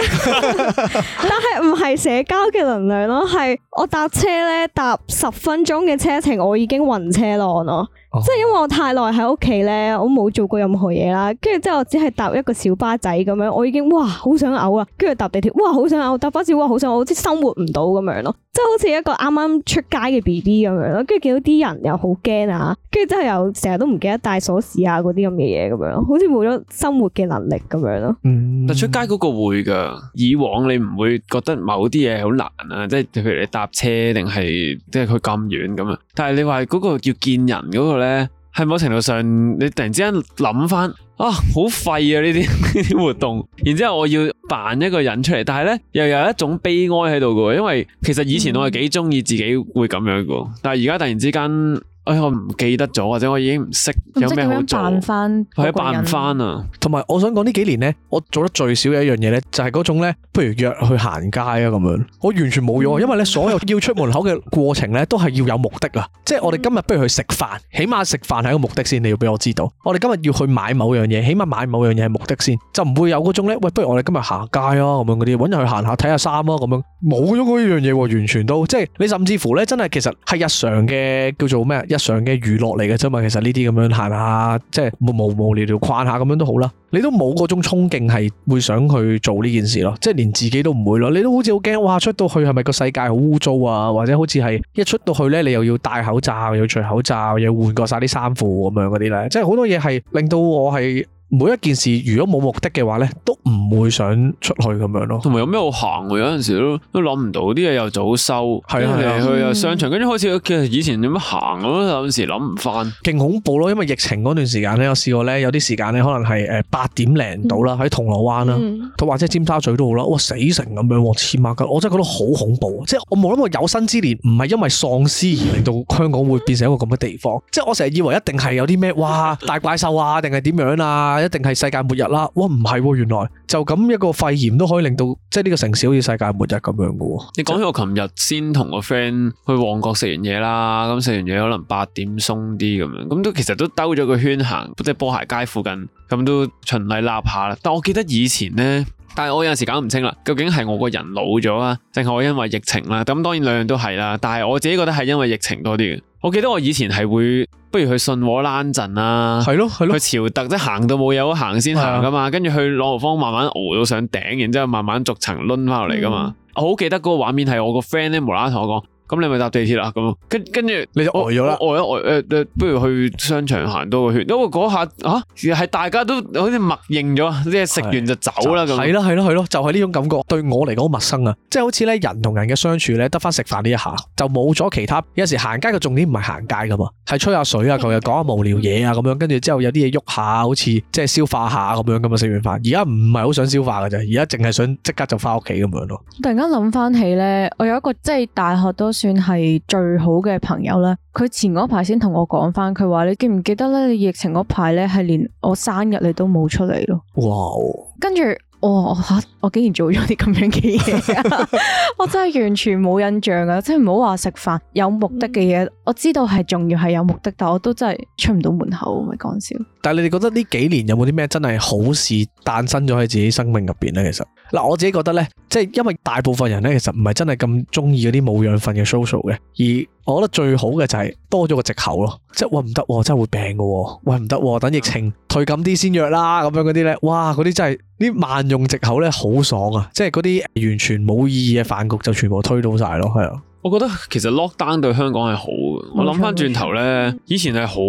但係唔係社交嘅能量咯，係我搭車咧搭十分鐘嘅車程我。已經暈車浪咯～哦、即係因為我太耐喺屋企咧，我冇做過任何嘢啦，跟住之後我只係搭一個小巴仔咁樣，我已經哇好想嘔啊！跟住搭地鐵，哇好想嘔，搭巴士，哇好想嘔，我好似生活唔到咁樣咯，即係好似一個啱啱出街嘅 B B 咁樣咯，跟住見到啲人又好驚啊，跟住之後又成日都唔記得帶鎖匙啊嗰啲咁嘅嘢咁樣，好似冇咗生活嘅能力咁樣咯。嗯、但出街嗰個會噶，以往你唔會覺得某啲嘢好難啊？即係譬如你搭車定係即係去咁遠咁樣？但係你話嗰個叫見人嗰個咧？誒，喺某程度上，你突然之間諗翻啊，好廢啊！呢啲活動，然之後我要扮一個人出嚟，但係咧，又有一種悲哀喺度㗎，因為其實以前我係幾中意自己會咁樣㗎，但係而家突然之間。哎，我唔記得咗，或者我已經唔識，有咩好做？係啊，辦唔返啊！同埋，我想講呢幾年呢，我做得最少嘅一樣嘢呢，就係、是、嗰種呢，不如約去行街啊咁樣。我完全冇咗，嗯、因為呢，所有要出門口嘅過程呢，都係要有目的啊。即係我哋今日不如去食飯，嗯、起碼食飯係個目的先，你要俾我知道。我哋今日要去買某樣嘢，起碼買某樣嘢係目的先，就唔會有嗰種呢。喂，不如我哋今日行街啊咁樣嗰啲，揾人去行下睇下衫咯咁樣，冇咗嗰樣嘢喎、啊，完全都即係你甚至乎呢，真係其實係日常嘅叫做咩？日常嘅娛樂嚟嘅啫嘛，其實呢啲咁樣行下，即係無無聊聊逛下咁樣都好啦。你都冇嗰種衝勁係會想去做呢件事咯，即係連自己都唔會咯。你都好似好驚哇，出到去係咪個世界好污糟啊？或者好似係一出到去呢，你又要戴口罩，又要除口罩，又要換過晒啲衫褲咁樣嗰啲呢。即係好多嘢係令到我係。每一件事如果冇目的嘅話咧，都唔會想出去咁樣咯。同埋有咩好行？有陣時都都諗唔到啲嘢，又早收，係啊，佢 [noise] 啊，對對對又上場，跟住開始其實以前點樣行咁，有陣時諗唔翻，勁、嗯、恐怖咯！因為疫情嗰段時間咧，我試過咧，有啲時間咧可能係誒八點零到啦，喺銅鑼灣啦，嗯、或者尖沙咀都好啦，哇死城咁樣，我黐孖筋，我真係覺得好恐怖。即係我冇諗過有生之年唔係因為喪屍而令到香港會變成一個咁嘅地方。即係我成日以為一定係有啲咩哇大怪獸啊，定係點樣啊？一定係世界末日啦！哇，唔係喎，原來就咁一個肺炎都可以令到即係呢個城市好似世界末日咁樣嘅喎。你講起我琴日先同個 friend 去旺角食完嘢啦，咁食完嘢可能八點鬆啲咁樣，咁都其實都兜咗個圈行，即係波鞋街附近，咁都循例立下啦。但我記得以前呢，但係我有陣時搞唔清啦，究竟係我個人老咗啊，定係我因為疫情啦？咁當然兩樣都係啦，但係我自己覺得係因為疫情多啲嘅。我記得我以前係會，不如去信和欄陣啊，係咯，去潮特即行到冇嘢都行先行噶嘛跟住的去朗豪坊慢慢熬到上頂，然之後慢慢逐層掄翻落嚟噶嘛嗯、我好記得嗰個畫面係我個 friend 咧無啦啦同我講。咁你咪搭地鐵啦，咁跟跟住你就呆咗啦，呆咗呆誒、呃、不如去商場行多個圈，因為嗰下啊，係大家都好似默認咗，即係食完就走啦，咁係啦係啦係咯，就係、是、呢種感覺，對我嚟講好陌生啊，即係好似咧人同人嘅相處咧，得翻食飯呢一下，就冇咗其他。有時行街嘅重點唔係行街噶嘛，係吹下水啊，同人講下無聊嘢啊，咁樣跟住之後有啲嘢喐下，好似即係消化下咁樣噶嘛。食完飯而家唔係好想消化噶啫，而家淨係想即刻就翻屋企咁樣咯。突然間諗翻起咧，我有一個即係大學都。算係最好嘅朋友啦。佢前嗰排先同我講翻，佢話，你記唔記得咧？你疫情嗰排咧，係連我生日你都冇出嚟咯。Wow.。哇跟住，哇吓，我竟然做咗啲咁樣嘅嘢， [laughs] [laughs] 我真係完全冇印象啊！即係唔好話食飯，有目的嘅嘢， [noise] 我知道係重要係有目的，但我都真係出唔到門口，咪講笑。但係你哋覺得呢幾年有冇啲咩真係好事誕生咗喺自己生命入邊咧？其實嗱，我自己覺得咧。因為大部分人咧，其實唔係真係咁鍾意嗰啲冇養分嘅 social 嘅，而我覺得最好嘅就係多咗個藉口咯。即係喂唔得，真係會病嘅喎。喂唔得，等疫情退減啲先約啦。咁樣嗰啲呢，哇嗰啲真係啲萬用藉口呢，好爽啊！即係嗰啲完全冇意義嘅飯局就全部推到晒咯，係啊。我覺得其實 lockdown 對香港係好嘅。我諗翻轉頭咧，以前係好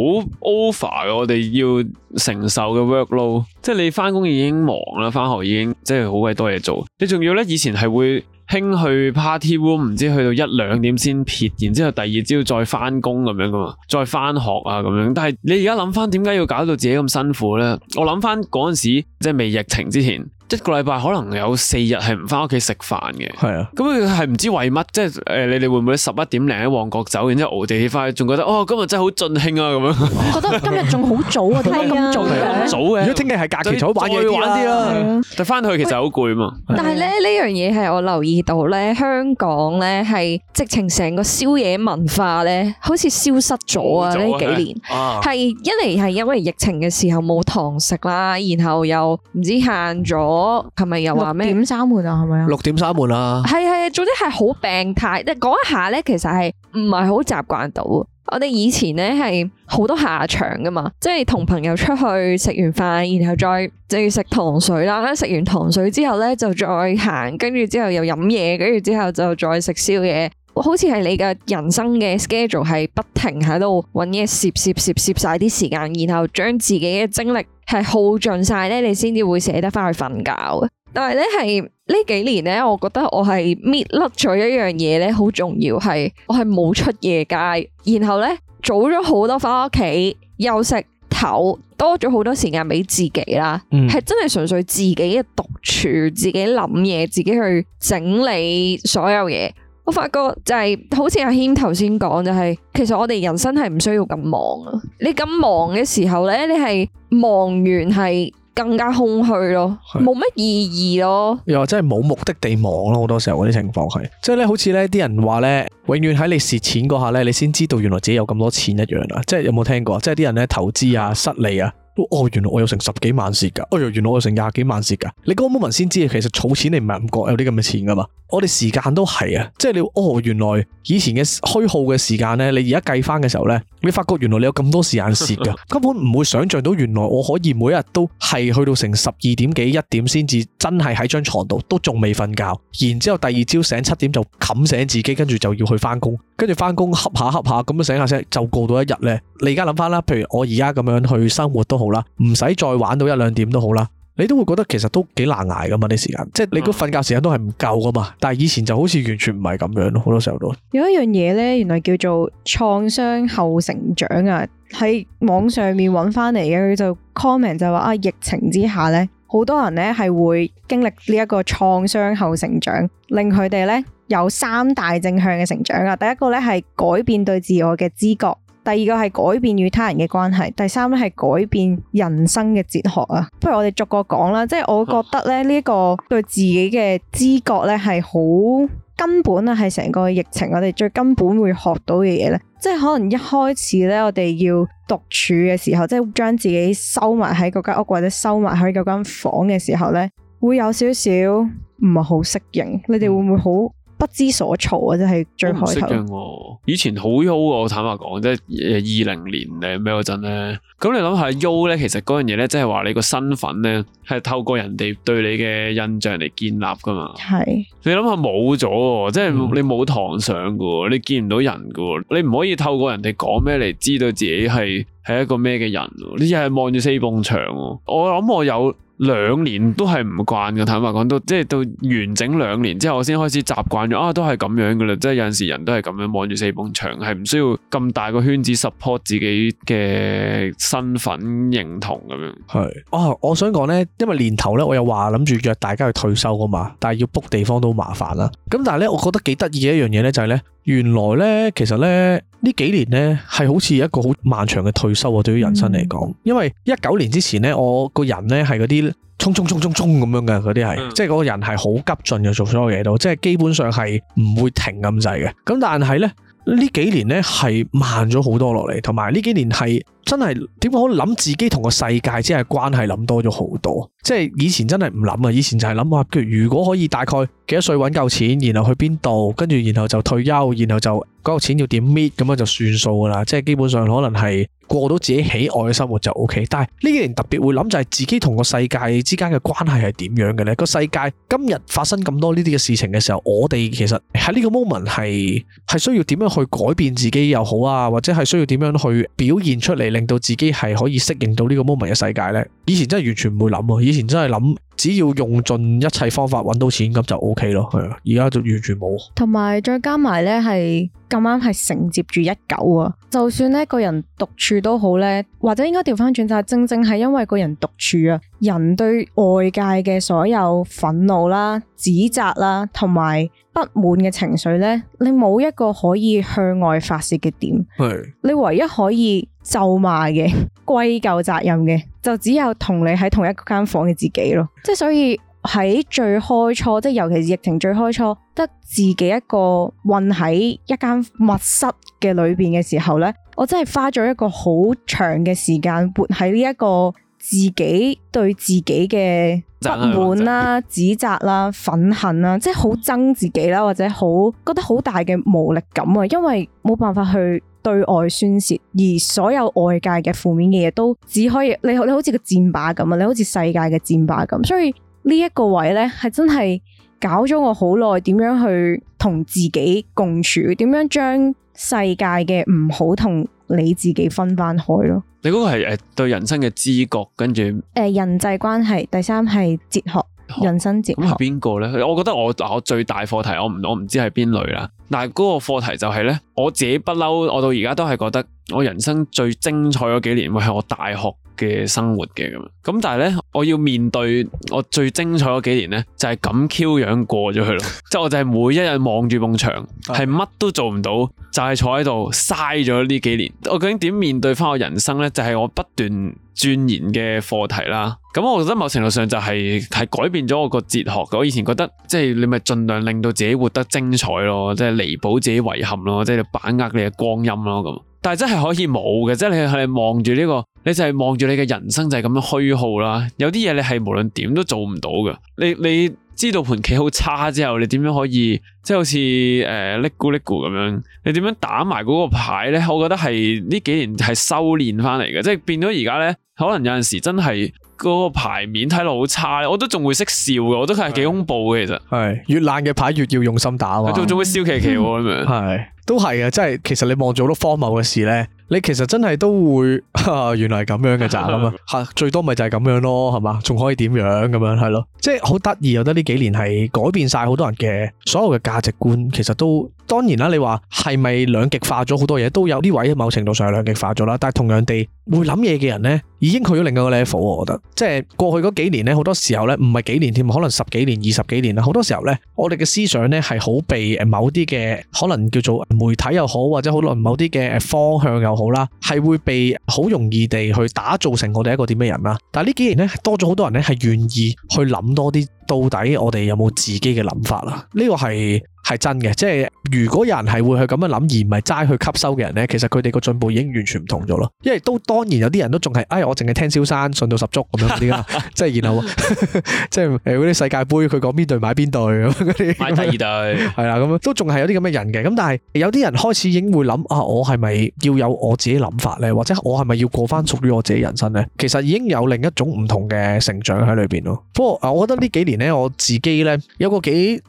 over 嘅，我哋要承受嘅 workload，即係你翻工已經忙啦，翻學已經即係好鬼多嘢做。你仲要咧，以前係會興去 party room，唔知去到一兩點先撇，然之後第二朝再翻工咁樣噶嘛，再翻學啊咁樣。但係你而家諗翻，點解要搞到自己咁辛苦咧？我諗翻嗰陣時，即係未疫情之前。一個禮拜可能有四日係唔翻屋企食飯嘅，係啊，咁佢係唔知為乜，即係誒，你哋會唔會十一點零喺旺角走，然之後敖地鐵翻去，仲覺得哦，今日真係好盡興啊咁樣？覺得今日仲好早啊，點解咁早嘅？早嘅，如果聽日係假期，早玩嘢玩啲啦。但係翻去其實好攰啊嘛。但係咧呢樣嘢係我留意到咧，香港咧係直情成個宵夜文化咧，好似消失咗啊！呢幾年係一嚟，係因為疫情嘅時候冇堂食啦，然後又唔知限咗。我琴日又話咩六點閂門啊，係咪啊？六點閂門啊，係係，總之係好病態。但講一下咧，其實係唔係好習慣到。我哋以前咧係好多下場噶嘛，即係同朋友出去食完飯，然後再就要食糖水啦。食完糖水之後咧就再行，跟住之後又飲嘢，跟住之後就再食宵夜。好似係你嘅人生嘅 schedule 係不停喺度搵嘢攝攝攝攝晒啲時間，然後將自己嘅精力係耗盡晒呢，你先至會捨得翻去瞓覺嘅。但係呢係呢幾年呢，我覺得我係搣甩咗一樣嘢呢，好重要係我係冇出夜街，然後呢早咗好多翻屋企休息，頭多咗好多時間俾自己啦，係真係純粹自己嘅獨處，自己諗嘢，自己去整理所有嘢。我發覺就係、是、好似阿 Him 頭先講就係、是，其實我哋人生係唔需要咁忙啊！你咁忙嘅時候咧，你係忙完係更加空虛咯，冇乜是意義咯。又真係冇目的地忙咯，好多時候嗰啲情況係，即係咧，好似咧啲人話咧，永遠喺你蝕錢嗰下咧，你先知道原來自己有咁多錢一樣啦。即係有冇聽過？即係啲人咧投資啊，失利啊。哦，原來我有成十幾萬蝕㗎，哎、哦、呀，原來我有成廿幾萬蝕㗎。你嗰 moment 先知，其實儲錢你唔係唔覺有啲咁嘅錢㗎嘛。我哋時間都係啊，即係你哦，原來以前嘅虛耗嘅時間呢，你而家計翻嘅時候呢，你發覺原來你有咁多時間蝕㗎，根本唔會想像到原來我可以每日都係去到成十二點幾一點先至真係喺張床度都仲未瞓覺，然之後第二朝醒七點就冚醒自己，跟住就要去翻工，跟住翻工瞌下瞌下咁樣醒下醒，就過到一日呢。你而家諗翻啦，譬如我而家咁樣去生活都好。好啦，唔使再玩到一兩點都好啦，你都會覺得其實都幾難捱㗎嘛啲時間，即係你個瞓覺時間都係唔夠㗎嘛。但係以前就好似完全唔係咁樣咯，好多時候都有一樣嘢呢，原來叫做創傷後成長啊，喺網上面揾返嚟嘅，佢就 comment 就話啊，疫情之下呢，好多人呢係會經歷呢一個創傷後成長，令佢哋呢有三大正向嘅成長啊。第一個呢係改變對自我嘅知覺。第二個係改變與他人嘅關係，第三咧，係改變人生嘅哲學啊。不如我哋逐個講啦，即係我覺得咧，呢個對自己嘅知覺咧，係好根本啊，係成個疫情我哋最根本會學到嘅嘢咧。即係可能一開始咧我哋要獨處嘅時候，即係將自己收埋喺嗰間屋或者收埋喺嗰間房嘅時候咧，會有少少唔係好適應。你哋會唔會好？不知所措啊！真係最開頭、啊，以前好 U 嘅，坦白講，即係二零年誒咩嗰陣咧。咁你諗下 U 咧，其實嗰樣嘢咧，即係話你個身份咧，係透過人哋對你嘅印象嚟建立噶嘛。係是你諗下冇咗，即係你冇堂上嘅、嗯，你見唔到人嘅，你唔可以透過人哋講咩嚟知道自己係係一個咩嘅人。你淨係望住四埲牆。我諗我有。兩年都係唔慣嘅，坦白講到即係到完整兩年之後，我先開始習慣咗啊，都係咁樣嘅啦。即係有陣時人都係咁樣望住四埲牆，係唔需要咁大個圈子 support 自己嘅身份認同咁樣。係啊，我想講呢，因為年頭呢，我又話諗住約大家去退休嘅嘛，但係要 book 地方都麻煩啦。咁但係呢，我覺得幾得意嘅一樣嘢呢，就係呢。原來呢，其實呢，呢幾年呢，係好似一個好漫長嘅退休啊，對於人生嚟講。嗯，因為一九年之前呢，我個人呢，係嗰啲衝衝衝衝衝咁樣嘅，嗰啲係即係嗰個人係好急進嘅，做所有嘢都即係基本上係唔會停咁滯嘅。咁但係呢。呢幾年咧係慢咗好多落嚟，同埋呢幾年係真係點講？諗自己同個世界真係關係諗多咗好多，即係以前真係唔諗啊！以前就係諗話，如果可以大概幾多歲搵夠錢，然後去邊度，跟住，然後就退休，然後就。嗰個錢要點搣咁樣就算數噶啦，即係基本上可能係過到自己喜愛嘅生活就 OK。但係呢幾年特別會諗就係自己同個世界之間嘅關係係點樣嘅呢？個世界今日發生咁多呢啲嘅事情嘅時候，我哋其實喺呢個 moment 係係需要點樣去改變自己又好啊，或者係需要點樣去表現出嚟，令到自己係可以適應到呢個 moment 嘅世界呢？以前真係完全唔會諗啊！以前真係諗。只要用盡一切方法搵到錢，咁就 O K 咯。係啊，而家就完全冇。同埋，再加埋咧，係咁啱係承接住一九啊。就算咧個人獨處都好咧，或者應該調翻轉就，正正係因為個人獨處啊，人對外界嘅所有憤怒啦、指責啦，同埋不滿嘅情緒呢，你冇一個可以向外發洩嘅點，的你唯一可以咒罵嘅、歸咎責任嘅。就只有同你喺同一間房嘅自己咯，即係所以喺最開初，即係尤其是疫情最開初，得自己一個困喺一間密室嘅裏邊嘅時候呢，我真係花咗一個好長嘅時間活喺呢一個自己對自己嘅不滿啦、指責啦、憤恨啦，即係好憎自己啦，或者好覺得好大嘅無力感啊，因為冇辦法去。對外宣洩，而所有外界嘅負面嘅嘢，都只可以你好你好似個箭靶咁啊，你好似世界嘅箭靶咁。所以呢一個位呢，係真係搞咗我好耐，點樣去同自己共處，點樣將世界嘅唔好同你自己分翻開咯。你嗰個係誒對人生嘅知覺，跟住誒、呃、人際關係，第三係哲學哼人生哲學。咁係邊個咧？我覺得我我最大課題，我唔我唔知係邊類啦。但，嗰個課題就係咧，我自己不嬲，我到而家都係覺得我人生最精彩嗰幾年，會係我大學嘅生活嘅咁，咁但係咧，我要面對我最精彩嗰幾年咧，就係咁 Q 樣過咗佢咯。即係 [laughs] 我就係每一日望住埲牆，係乜 [laughs] 都做唔到，就係、是、坐喺度嘥咗呢幾年。我究竟點面對翻我人生咧？就係、是、我不斷鑽研嘅課題啦。咁我覺得某程度上就係、是、係改變咗我個哲學。我以前覺得即係、就是、你咪盡量令到自己活得精彩咯，即係彌補自己遺憾咯，即、就、係、是、把握你嘅光陰咯咁。但係真係可以冇嘅，即、就、係、是、你係望住呢個。你就係望住你嘅人生就係咁樣虛耗啦。有啲嘢你係無論點都做唔到嘅。你你知道盤棋好差之後，你點樣可以即係好似誒叻咕叻咕咁樣？你點樣打埋嗰個牌咧？我覺得係呢幾年係修煉翻嚟嘅，即係變咗而家咧，可能有陣時真係嗰個牌面睇落好差，我都仲會識笑嘅，我覺得佢係幾恐怖嘅，其實。係越爛嘅牌越要用心打嘛。仲仲會笑騎騎喎咁樣。係。都係啊，即係其實你望咗好多荒謬嘅事呢，你其實真係都會，啊、原來係咁樣嘅咋咁啊？吓，最多咪就係咁樣咯，係嘛？仲可以點樣咁樣？係咯。即係好得意，我覺得呢幾年係改變晒好多人嘅所有嘅價值觀。其實都當然啦，你話係咪兩極化咗好多嘢？都有啲位某程度上係兩極化咗啦。但係同樣地，會諗嘢嘅人呢已經去咗另一個 level。我覺得即係、就是、過去嗰幾年呢，好多時候呢，唔係幾年添，可能十幾年、二十幾年啦。好多時候呢，我哋嘅思想呢係好被某啲嘅可能叫做。媒體又好，或者好多某啲嘅方向又好啦，係會被好容易地去打造成我哋一個點嘅人啦。但係呢幾年呢，多咗好多人呢，係願意去諗多啲，到底我哋有冇自己嘅諗法啦？呢、這個係。係真嘅，即係如果有人係會去咁樣諗，而唔係齋去吸收嘅人咧，其實佢哋個進步已經完全唔同咗咯。因為都當然有啲人都仲係，哎，我淨係聽蕭生，信到十足咁樣啲啦。即係、 [laughs] 就是、然後， [laughs] 即係誒嗰啲世界杯，佢講邊隊買邊隊咁啲，買第二隊係啦，咁都仲係有啲咁嘅人嘅。咁但係有啲人開始已經會諗啊，我係咪要有我自己諗法咧？或者我係咪要過翻屬於我自己人生咧？其實已經有另一種唔同嘅成長喺裏邊咯。不過啊，我覺得呢幾年咧，我自己咧有個幾，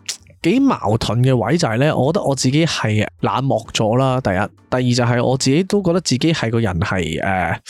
幾矛盾嘅位就係呢，我覺得我自己係冷漠咗啦。第一，第二就係我自己都覺得自己係個人係誒、呃，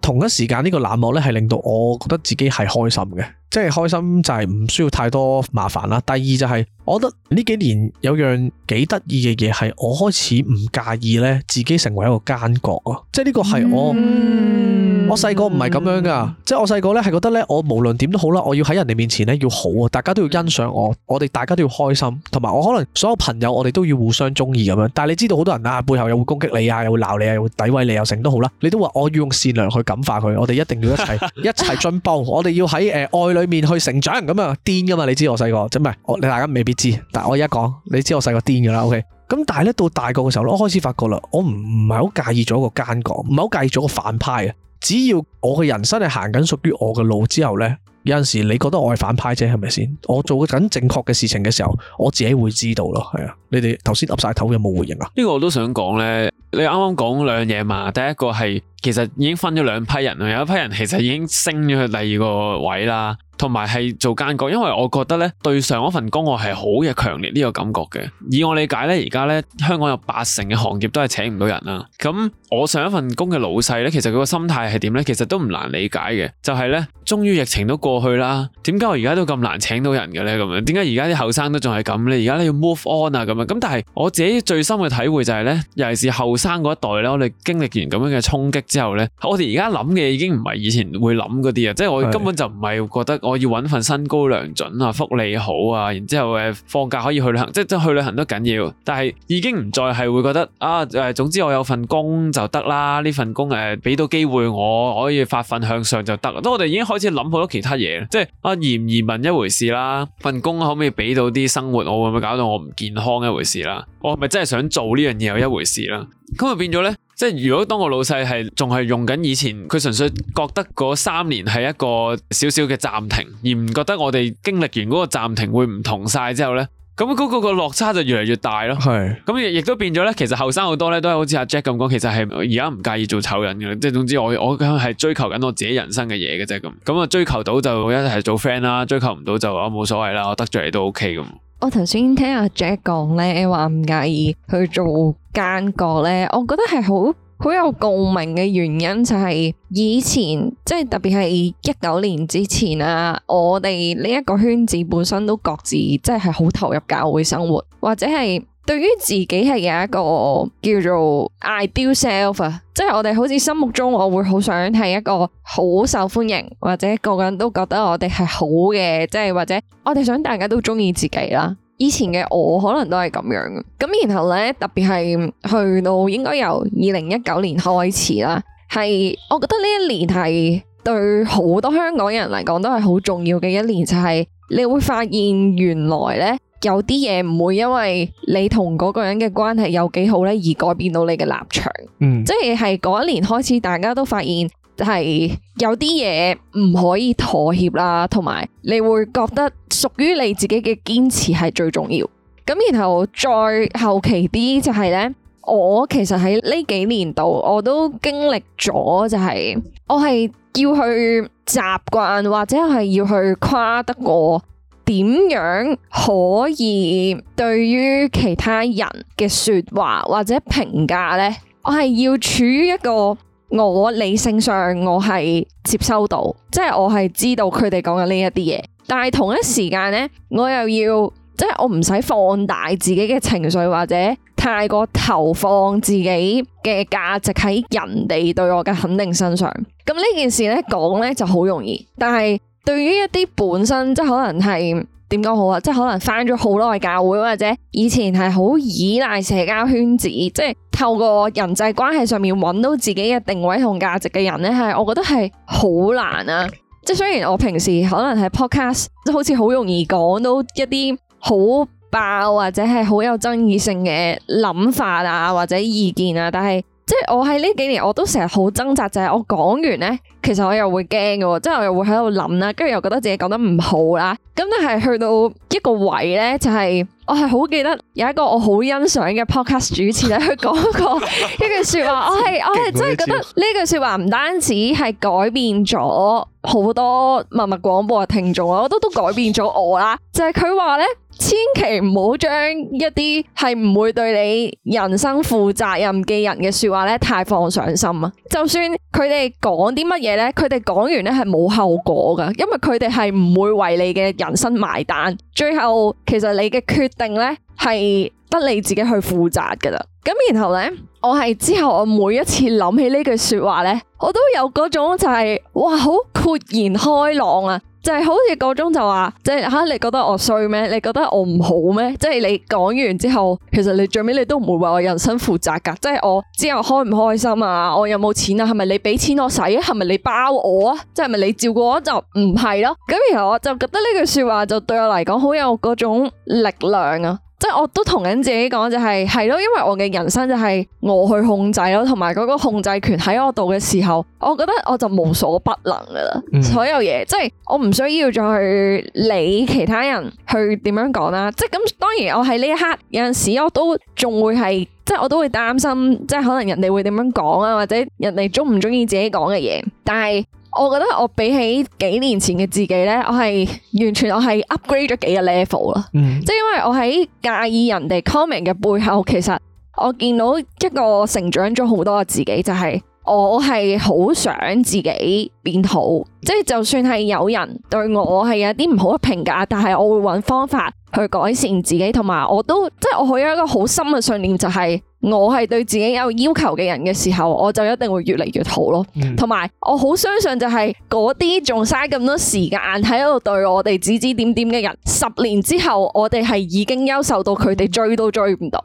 同一時間呢個冷漠呢，係令到我覺得自己係開心嘅。即係開心就係、是、唔需要太多麻煩啦。第二就係、是，我覺得呢幾年有樣幾得意嘅嘢係，我開始唔介意咧自己成為一個奸角啊！即係呢個係我，嗯、我細個唔係咁樣噶。即係我細個咧係覺得咧，我無論點都好啦，我要喺人哋面前咧要好啊，大家都要欣賞我，我哋大家都要開心，同埋我可能所有朋友我哋都要互相中意咁樣。但係你知道好多人啊，背後又會攻擊你啊，又會鬧你啊，又會詆毀你又成都好啦，你都話我要用善良去感化佢，我哋一定要一齊一齊進步， [laughs] 我哋要喺誒、呃、愛。裏面去成長咁啊癲噶嘛？你知我細個真唔係，我你大家未必知，但係我而家講，你知我細個癲噶啦。OK，咁但係咧到大個嘅時候，我開始發覺啦，我唔唔係好介意咗個奸角，唔係好介意咗個反派啊。只要我嘅人生係行緊屬於我嘅路之後咧，有陣時你覺得我係反派啫，係咪先？我做緊正確嘅事情嘅時候，我自己會知道咯。係啊，你哋頭先岌晒頭有冇回應啊？呢個我都想講咧，你啱啱講兩嘢嘛，第一個係其實已經分咗兩批人，有一批人其實已經升咗去第二個位啦。同埋係做間隔，因為我覺得咧對上一份工，我係好嘅強烈呢個感覺嘅。以我理解咧，而家咧香港有八成嘅行業都係請唔到人啦。咁我上一份工嘅老細咧，其實佢個心態係點咧？其實都唔難理解嘅，就係、是、咧終於疫情都過去啦。點解我而家都咁難請到人嘅咧？咁啊？點解而家啲後生都仲係咁咧？而家你要 move on 啊咁啊？咁但係我自己最深嘅體會就係咧，尤其是後生嗰一代啦，我哋經歷完咁樣嘅衝擊之後咧，我哋而家諗嘅已經唔係以前會諗嗰啲啊，即、就、係、是、我根本就唔係覺得。我要揾份薪高糧準啊，福利好啊，然之後誒放假可以去旅行，即係去旅行都緊要。但係已經唔再係會覺得啊誒，總之我有份工就得啦。呢份工誒俾到機會我，我可以發奮向上就得。都我哋已經開始諗好多其他嘢，即係啊，移民唔移民一回事啦。份工可唔可以俾到啲生活？我會唔會搞到我唔健康一回事啦？我係咪真係想做呢樣嘢又一回事啦？咁就變咗呢。即係如果當我老細係仲係用緊以前，佢純粹覺得嗰三年係一個小小嘅暫停，而唔覺得我哋經歷完嗰個暫停會唔同晒之後咧，咁嗰個個落差就越嚟越大咯。係，咁亦亦都變咗咧，其實後生好多咧都係好似阿 Jack 咁講，其實係而家唔介意做醜人嘅，即係總之我我係追求緊我自己人生嘅嘢嘅啫咁，咁啊追求到就一係做 friend 啦，追求唔到就啊冇所謂啦，我得罪你都 OK 咁。我頭先聽阿 Jack 講呢，話唔介意去做奸角呢。我覺得係好好有共鳴嘅原因，就係以前即係特別係一九年之前啊，我哋呢一個圈子本身都各自即係係好投入教會生活，或者係。對於自己係有一個叫做 ideal self 啊，即係我哋好似心目中，我會好想係一個好受歡迎，或者個人都覺得我哋係好嘅，即係或者我哋想大家都中意自己啦。以前嘅我可能都係咁樣嘅，咁然後呢，特別係去到應該由二零一九年開始啦，係我覺得呢一年係對好多香港人嚟講都係好重要嘅一年，就係你會發現原來呢。有啲嘢唔會因為你同嗰個人嘅關係有幾好咧而改變到你嘅立場，即係喺嗰一年開始，大家都發現係有啲嘢唔可以妥協啦，同埋你會覺得屬於你自己嘅堅持係最重要。咁然後再後期啲就係呢。我其實喺呢幾年度我都經歷咗，就係我係要去習慣或者係要去跨得過。點樣可以對於其他人嘅說話或者評價呢？我係要處於一個我理性上，我係接收到，即係我係知道佢哋講嘅呢一啲嘢。但係同一時間呢，我又要即係我唔使放大自己嘅情緒，或者太過投放自己嘅價值喺人哋對我嘅肯定身上。咁呢件事呢，講呢就好容易，但係。對於一啲本身即係可能係點講好啊？即係可能返咗好耐教會，或者以前係好依賴社交圈子，即係透過人際關係上面揾到自己嘅定位同價值嘅人咧，係我覺得係好難啊！即係雖然我平時可能係 Podcast，即係好似好容易講到一啲好爆或者係好有爭議性嘅諗法啊或者意見啊，但係。即係我喺呢幾年我都成日好掙扎，就係我講完咧，其實我又會驚嘅，即係我又會喺度諗啦，跟住又覺得自己講得唔好啦。咁但係去到一個位咧，就係我係好記得有一個我好欣賞嘅 podcast 主持咧，佢講過一句說話， [laughs] 我係我係真係覺得呢句說話唔單止係改變咗好多麥麥廣播嘅聽眾啊，我都都改變咗我啦。就係佢話咧。千祈唔好將一啲係唔會對你人生負責任嘅人嘅說話咧太放上心啊！就算佢哋講啲乜嘢咧，佢哋講完咧係冇後果噶，因為佢哋係唔會為你嘅人生埋單。最後其實你嘅決定咧係得你自己去負責噶啦。咁然後咧，我係之後我每一次諗起呢句說話咧，我都有嗰種就係哇，好豁然開朗啊！就係好似嗰種就話，即係你覺得我衰咩？你覺得我唔好咩？即係你講完之後，其實你最尾你都唔會為我人生負責㗎。即係我之後開唔開心啊？我有冇錢啊？係咪你俾錢我使？係咪你包我？即係咪你照顧我？就唔係咯。咁然後我就覺得呢句說話就對我嚟講好有嗰種力量啊！即係我都同緊自己講，就係係咯，因為我嘅人生就係我去控制咯，同埋嗰個控制權喺我度嘅時候，我覺得我就無所不能噶啦，嗯、所有嘢即係我唔需要再去理其他人去點樣講啦。即係咁，當然我喺呢一刻有陣時我都仲會係，即係我都會擔心，即係可能人哋會點樣講啊，或者人哋中唔中意自己講嘅嘢，但係。我覺得我比起幾年前嘅自己咧，我係完全我係 upgrade 咗幾個 level 啦。即係、mm hmm. 因為我喺介意人哋 comment 嘅背後，其實我見到一個成長咗好多嘅自己，就係、是、我係好想自己變好。即、就、係、是、就算係有人對我係有啲唔好嘅評價，但係我會揾方法去改善自己，同埋我都即係我有一個好深嘅信念就係、是。我係對自己有要求嘅人嘅時候，我就一定會越嚟越好咯。同埋、嗯，我好相信就係嗰啲仲嘥咁多時間喺度對我哋指指點點嘅人，十年之後我哋係已經優秀到佢哋追都追唔到。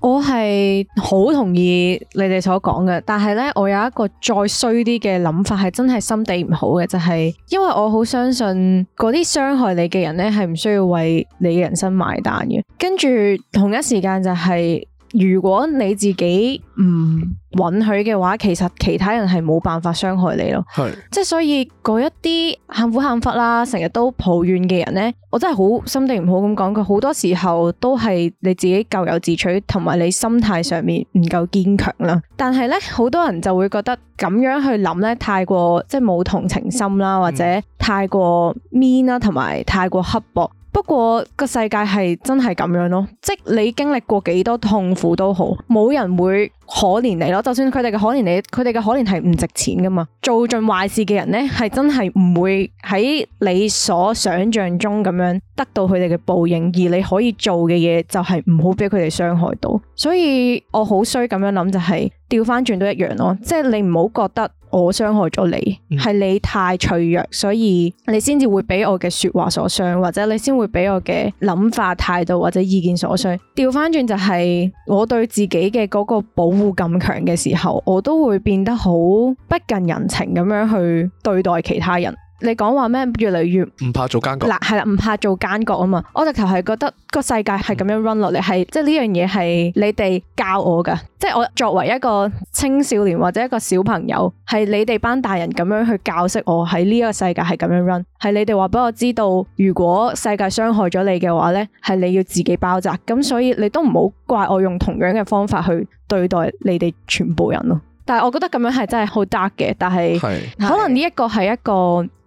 我係好同意你哋所講嘅，但係咧，我有一個再衰啲嘅諗法，係真係心地唔好嘅，就係、是、因為我好相信嗰啲傷害你嘅人咧，係唔需要為你嘅人生埋單嘅。跟住同一時間就係、是。如果你自己唔允許嘅話，其實其他人係冇辦法傷害你咯。係是，即係所以嗰一啲喊苦喊忽啦，成日都抱怨嘅人咧，我真係好心地唔好咁講佢，好多時候都係你自己咎由自取，同埋你心態上面唔夠堅強啦。但係咧，好多人就會覺得咁樣去諗咧，太過即係冇同情心啦，或者太過 mean 啦，同埋太過刻薄。不過個世界係真係咁樣咯，即你經歷過幾多痛苦都好，冇人會可憐你咯。就算佢哋嘅可憐你，佢哋嘅可憐係唔值錢噶嘛。做盡壞事嘅人呢，係真係唔會喺你所想象中咁樣得到佢哋嘅報應。而你可以做嘅嘢就係唔好俾佢哋傷害到。所以我好衰咁樣諗就係調翻轉都一樣咯，即係你唔好覺得。我傷害咗你，係你太脆弱，所以你先至會俾我嘅說話所傷，或者你先會俾我嘅諗法、態度或者意見所傷。調翻轉就係我對自己嘅嗰個保護咁強嘅時候，我都會變得好不近人情咁樣去對待其他人。你講話咩？越嚟越唔怕做奸角嗱，係啦，唔怕做奸角啊嘛！我直頭係覺得個世界係咁樣 run 落嚟，係、嗯、即係呢樣嘢係你哋教我噶，即係我作為一個青少年或者一個小朋友，係你哋班大人咁樣去教識我喺呢個世界係咁樣 run，係你哋話畀我知道，如果世界傷害咗你嘅話咧，係你要自己包紮。咁所以你都唔好怪我用同樣嘅方法去對待你哋全部人咯。但係我覺得咁樣係真係好得嘅，但係是可能呢一個係一個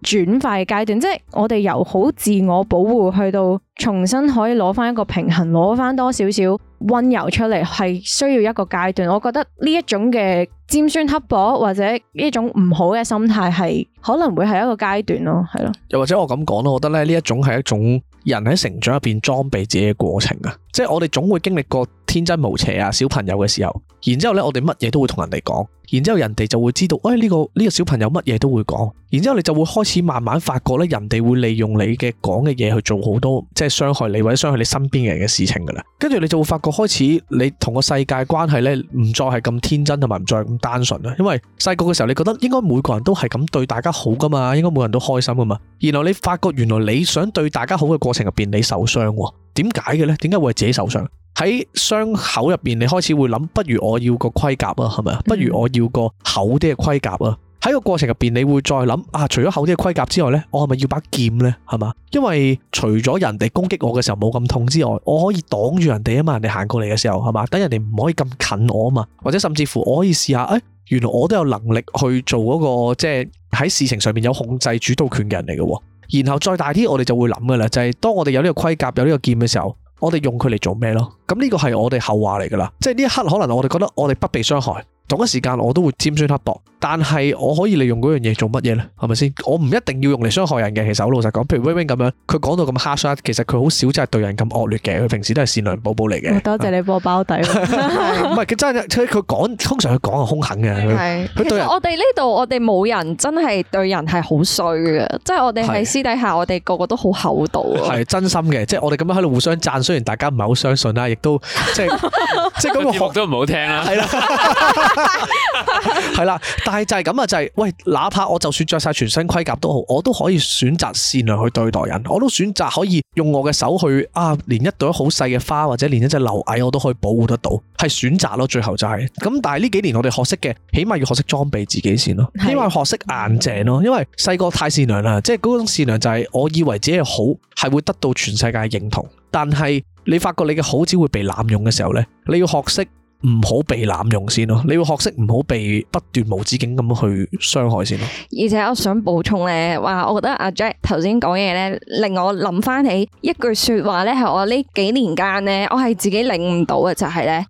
轉化嘅階段，即係是我哋由好自我保護去到重新可以攞返一個平衡，攞返多少少溫柔出嚟，係需要一個階段。我覺得呢一種嘅尖酸刻薄或者呢種唔好嘅心態，係可能會係一個階段咯，係咯。又或者我咁講咯，我覺得咧呢一種係一種人喺成長入邊裝備自己嘅過程啊，即係我哋總會經歷過天真無邪啊小朋友嘅時候。然之後咧，我哋乜嘢都會同人哋講，然之後人哋就會知道，誒，呢個呢個小朋友乜嘢都會講，然之後你就會開始慢慢發覺咧，人哋會利用你嘅講嘅嘢去做好多即係傷害你或者傷害你身邊嘅人嘅事情噶啦，跟住你就會發覺開始你同個世界關係咧唔再係咁天真同埋唔再咁單純啦，因為細個嘅時候你覺得應該每個人都係咁對大家好噶嘛，應該每個人都開心噶嘛，然後你發覺原來你想對大家好嘅過程入邊你受傷喎。點解嘅咧？點解會係自己受傷？喺傷口入邊，你開始會諗，不如我要個盔甲啊，係咪啊？不如我要個厚啲嘅盔甲啊！喺個過程入邊，你會再諗啊！除咗厚啲嘅盔甲之外呢，我係咪要把劍呢？係嘛？因為除咗人哋攻擊我嘅時候冇咁痛之外，我可以擋住人哋啊嘛！人哋行過嚟嘅時候係嘛？等人哋唔可以咁近我啊嘛！或者甚至乎我可以試下，誒、哎，原來我都有能力去做嗰、那個，即係喺事情上面有控制主導權嘅人嚟嘅。然後再大啲，我哋就會諗噶啦，就係當我哋有呢個盔甲，有呢個劍嘅時候我們，我哋用佢嚟做咩咯？咁呢個係我哋後話嚟噶啦，即係呢一刻可能我哋覺得我哋不被傷害。同一時間我都會尖酸刻薄，但係我可以利用嗰樣嘢做乜嘢咧？係咪先？我唔一定要用嚟傷害人嘅。其實好老實講，譬如 Wing Wing 咁樣，佢講到咁 harsh 其實佢好少真係對人咁惡劣嘅。佢平時都係善良寶寶嚟嘅。多謝你幫我包底。 [laughs] [laughs] 唔係佢真係，佢講，通常佢講係兇狠嘅。係。是是佢對人，其實我哋呢度，我哋冇人真係對人係好衰嘅，即係我哋係私底下，我哋個個都好厚道是。係 [laughs] 真心嘅，即係我哋咁樣喺度互相讚，雖然大家唔係好相信啦，亦 [laughs] 都即係即係咁，我學咗唔好聽啦、啊。係啦。係啦， [laughs] 但係就係咁啊，就係、是、喂，哪怕我就算着晒全身盔甲都好，我都可以選擇善良去對待人，我都選擇可以用我嘅手去啊，連一朵好細嘅花或者連一隻螻蟻，我都可以保護得到，係選擇咯。最後就係、是、咁，但係呢幾年我哋學識嘅，起碼要學識裝備自己先咯，起碼學識硬淨咯。因為細個太善良啦，即係嗰種善良就係我以為自己好係會得到全世界認同，但係你發覺你嘅好只會被濫用嘅時候呢，你要學識。唔好被濫用先咯，你要學識唔好被不斷無止境咁去傷害先咯。而且我想補充咧，話我覺得阿 Jack 頭先講嘢咧，令我諗返起一句説話咧，係我呢幾年間咧，我係自己領悟到嘅就係、是、咧。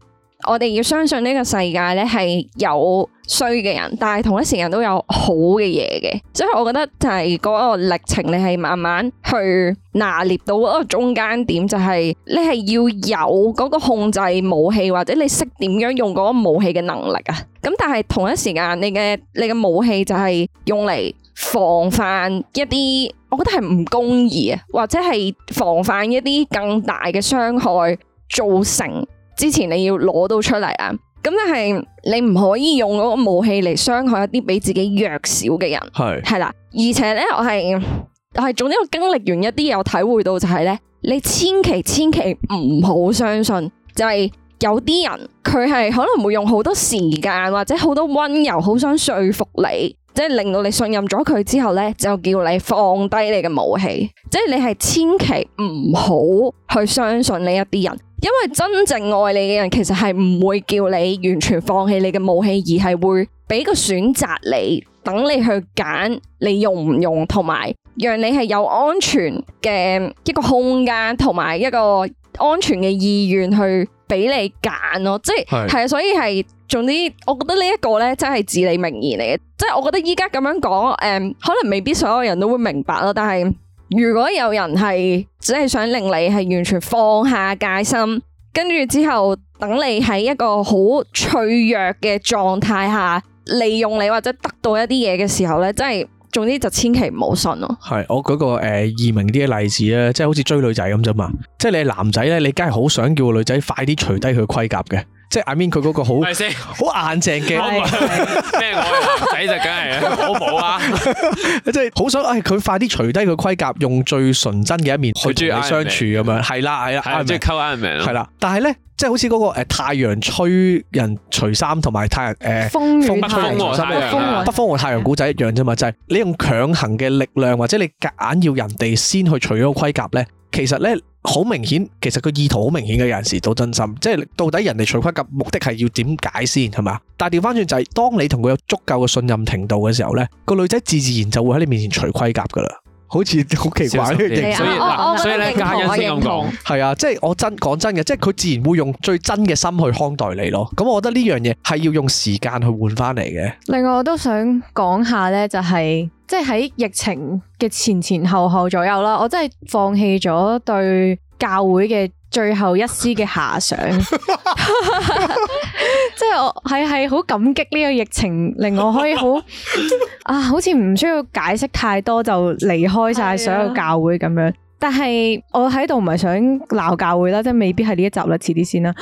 我哋要相信呢個世界咧係有衰嘅人，但係同一時間都有好嘅嘢嘅。所以我覺得就係嗰個歷程，你係慢慢去拿捏到嗰個中間點，就係你係要有嗰個控制武器，或者你識點樣用嗰個武器嘅能力啊。咁但係同一時間，你嘅你嘅武器就係用嚟防範一啲，我覺得係唔公義啊，或者係防範一啲更大嘅傷害造成。之前你要攞到出嚟啊！咁就係你唔可以用嗰個武器嚟傷害一啲比自己弱小嘅人，係係啦。而且呢，我係我係，總之我經歷完一啲，我體會到就係呢：你千祈千祈唔好相信，就係有啲人佢係可能會用好多時間或者好多温柔，好想說服你。即係令到你信任咗佢之後咧，就叫你放低你嘅武器。即係你係千祈唔好去相信呢一啲人，因為真正愛你嘅人其實係唔會叫你完全放棄你嘅武器，而係會俾個選擇你，等你去揀你用唔用，同埋讓你係有安全嘅一個空間，同埋一個安全嘅意願去。俾你揀咯，即係係啊，是所以係，總之我覺得呢一個咧，真係至理名言嚟嘅。即係我覺得依家咁樣講，誒、嗯，可能未必所有人都會明白咯。但係如果有人係，只係想令你係完全放下戒心，跟住之後等你喺一個好脆弱嘅狀態下，利用你或者得到一啲嘢嘅時候咧，真係。總之就千祈唔好信咯。我舉個易明啲嘅例子咧，即係好似追女仔咁啫嘛。即係你是男仔咧，你梗係好想叫個女仔快啲除低佢盔甲嘅。即係 I mean 佢嗰個好，係咪好硬淨嘅咩愛話仔就梗係好冇啊！即係好想誒佢快啲除低佢盔甲，用最純真嘅一面去同你相處咁樣。係啦，係啦，即係溝 Iron Man 係啦，但係咧，即係好似嗰個太陽吹人除衫，同埋太陽誒風風吹人除衫，北風和太陽古仔一樣啫嘛，就係你用強行嘅力量，或者你夾硬要人哋先去除咗盔甲咧，其實咧。好明顯，其實佢意圖好明顯嘅，有陣時都真心，即係到底人哋除盔甲目的係要點解先係咪？但係調返轉就係，是，當你同佢有足夠嘅信任程度嘅時候呢，呢個女仔自然就會喺你面前除盔甲㗎喇。好似好奇怪嘅嘢，所以嗱，啊、所以咧，嘉欣先咁講，係啊，即係我真講真嘅，即係佢自然會用最真嘅心去看待你咯。咁我覺得呢樣嘢係要用時間去換翻嚟嘅。另外我都想講下咧、就係，就係即係喺疫情嘅前前後後左右啦，我真係放棄咗對教會嘅最後一絲嘅遐想。 [laughs] [laughs] 即，即係我係係好感激呢個疫情令我可以好啊，好似唔需要解釋太多就離開晒所有教會咁樣。是啊、但係我喺度唔係想鬧教會啦，即係未必係呢一集啦，遲啲先啦。 [laughs]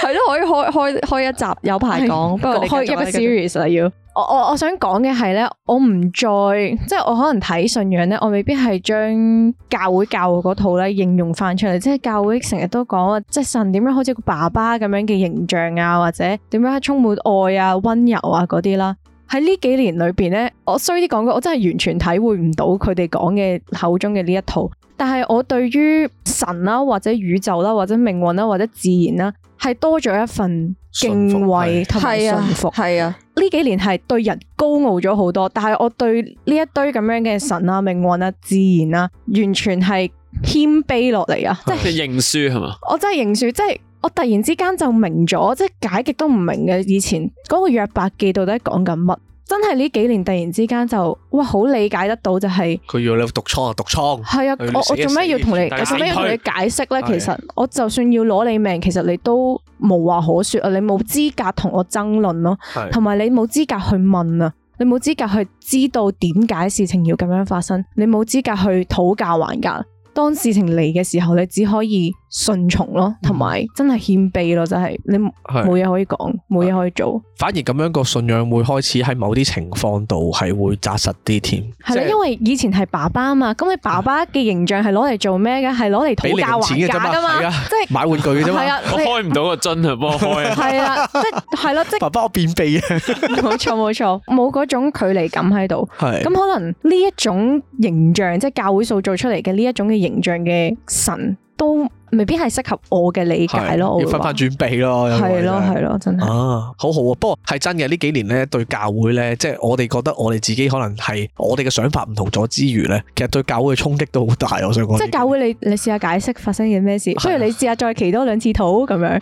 係咯， [laughs] 可以開開開一集有排講，對不過開一個 series 啊要。我我我想講嘅係咧，我唔再即係我可能睇信仰咧，我未必係將教會教我嗰套咧應用翻出嚟。即係教會成日都講，即係神點樣好似個爸爸咁樣嘅形象啊，或者點樣充滿愛啊、溫柔啊嗰啲啦。喺呢幾年裏邊咧，我衰啲講句，我真係完全體會唔到佢哋講嘅口中嘅呢一套。但係我對於神啦，或者宇宙啦，或者命運啦，或者自然啦。係多咗一份敬畏同埋信服，係啊！呢幾年係對人高傲咗好多，但係我對呢一堆咁樣嘅神啊、命運啊、自然啊，完全係謙卑落嚟啊！ [laughs] 即係是認輸係嘛？我真係認輸，即係我突然之間就明咗，即係解極都唔明嘅以前嗰個約伯記到底講緊乜？真係呢幾年突然之間就哇好理解得到就係、是、佢要你讀倉就讀倉，係啊，我我做咩要同你，做咩要同你解釋咧？解推 其實我就算要攞你命，其實你都無話可說啊！你冇資格同我爭論咯，同埋是的 你冇資格去問啊！你冇資格去知道點解事情要咁樣發生，你冇資格去討價還價。當事情嚟嘅時候，你只可以，順從咯，同埋真係謙卑咯，就係你冇嘢可以講，冇嘢可以做。反而咁樣個信仰會開始喺某啲情況度係會紮實啲添。係啦，就是、因為以前係爸爸啊嘛，咁你爸爸嘅形象係攞嚟做咩嘅？係攞嚟討價還價噶嘛？即係、嗯、買玩具啫嘛？啊就是、我開唔到個樽啊，幫我開啊！係、就、啦、是，即係係咯，即係爸爸我便秘啊！冇錯冇錯，冇嗰種距離感喺度。係咁可能呢一種形象，即係教會塑造出嚟嘅呢一種嘅形象嘅神都。未必係適合我嘅理解咯，的要分翻轉備咯，係咯係咯，真係啊，好好啊，不過係真嘅呢幾年咧，對教會咧，即係我哋覺得我哋自己可能係我哋嘅想法唔同咗之餘咧，其實對教會嘅衝擊都好大。我想講，即係教會你，你試下解釋發生嘅咩事，不如你試下再祈多兩次禱咁樣。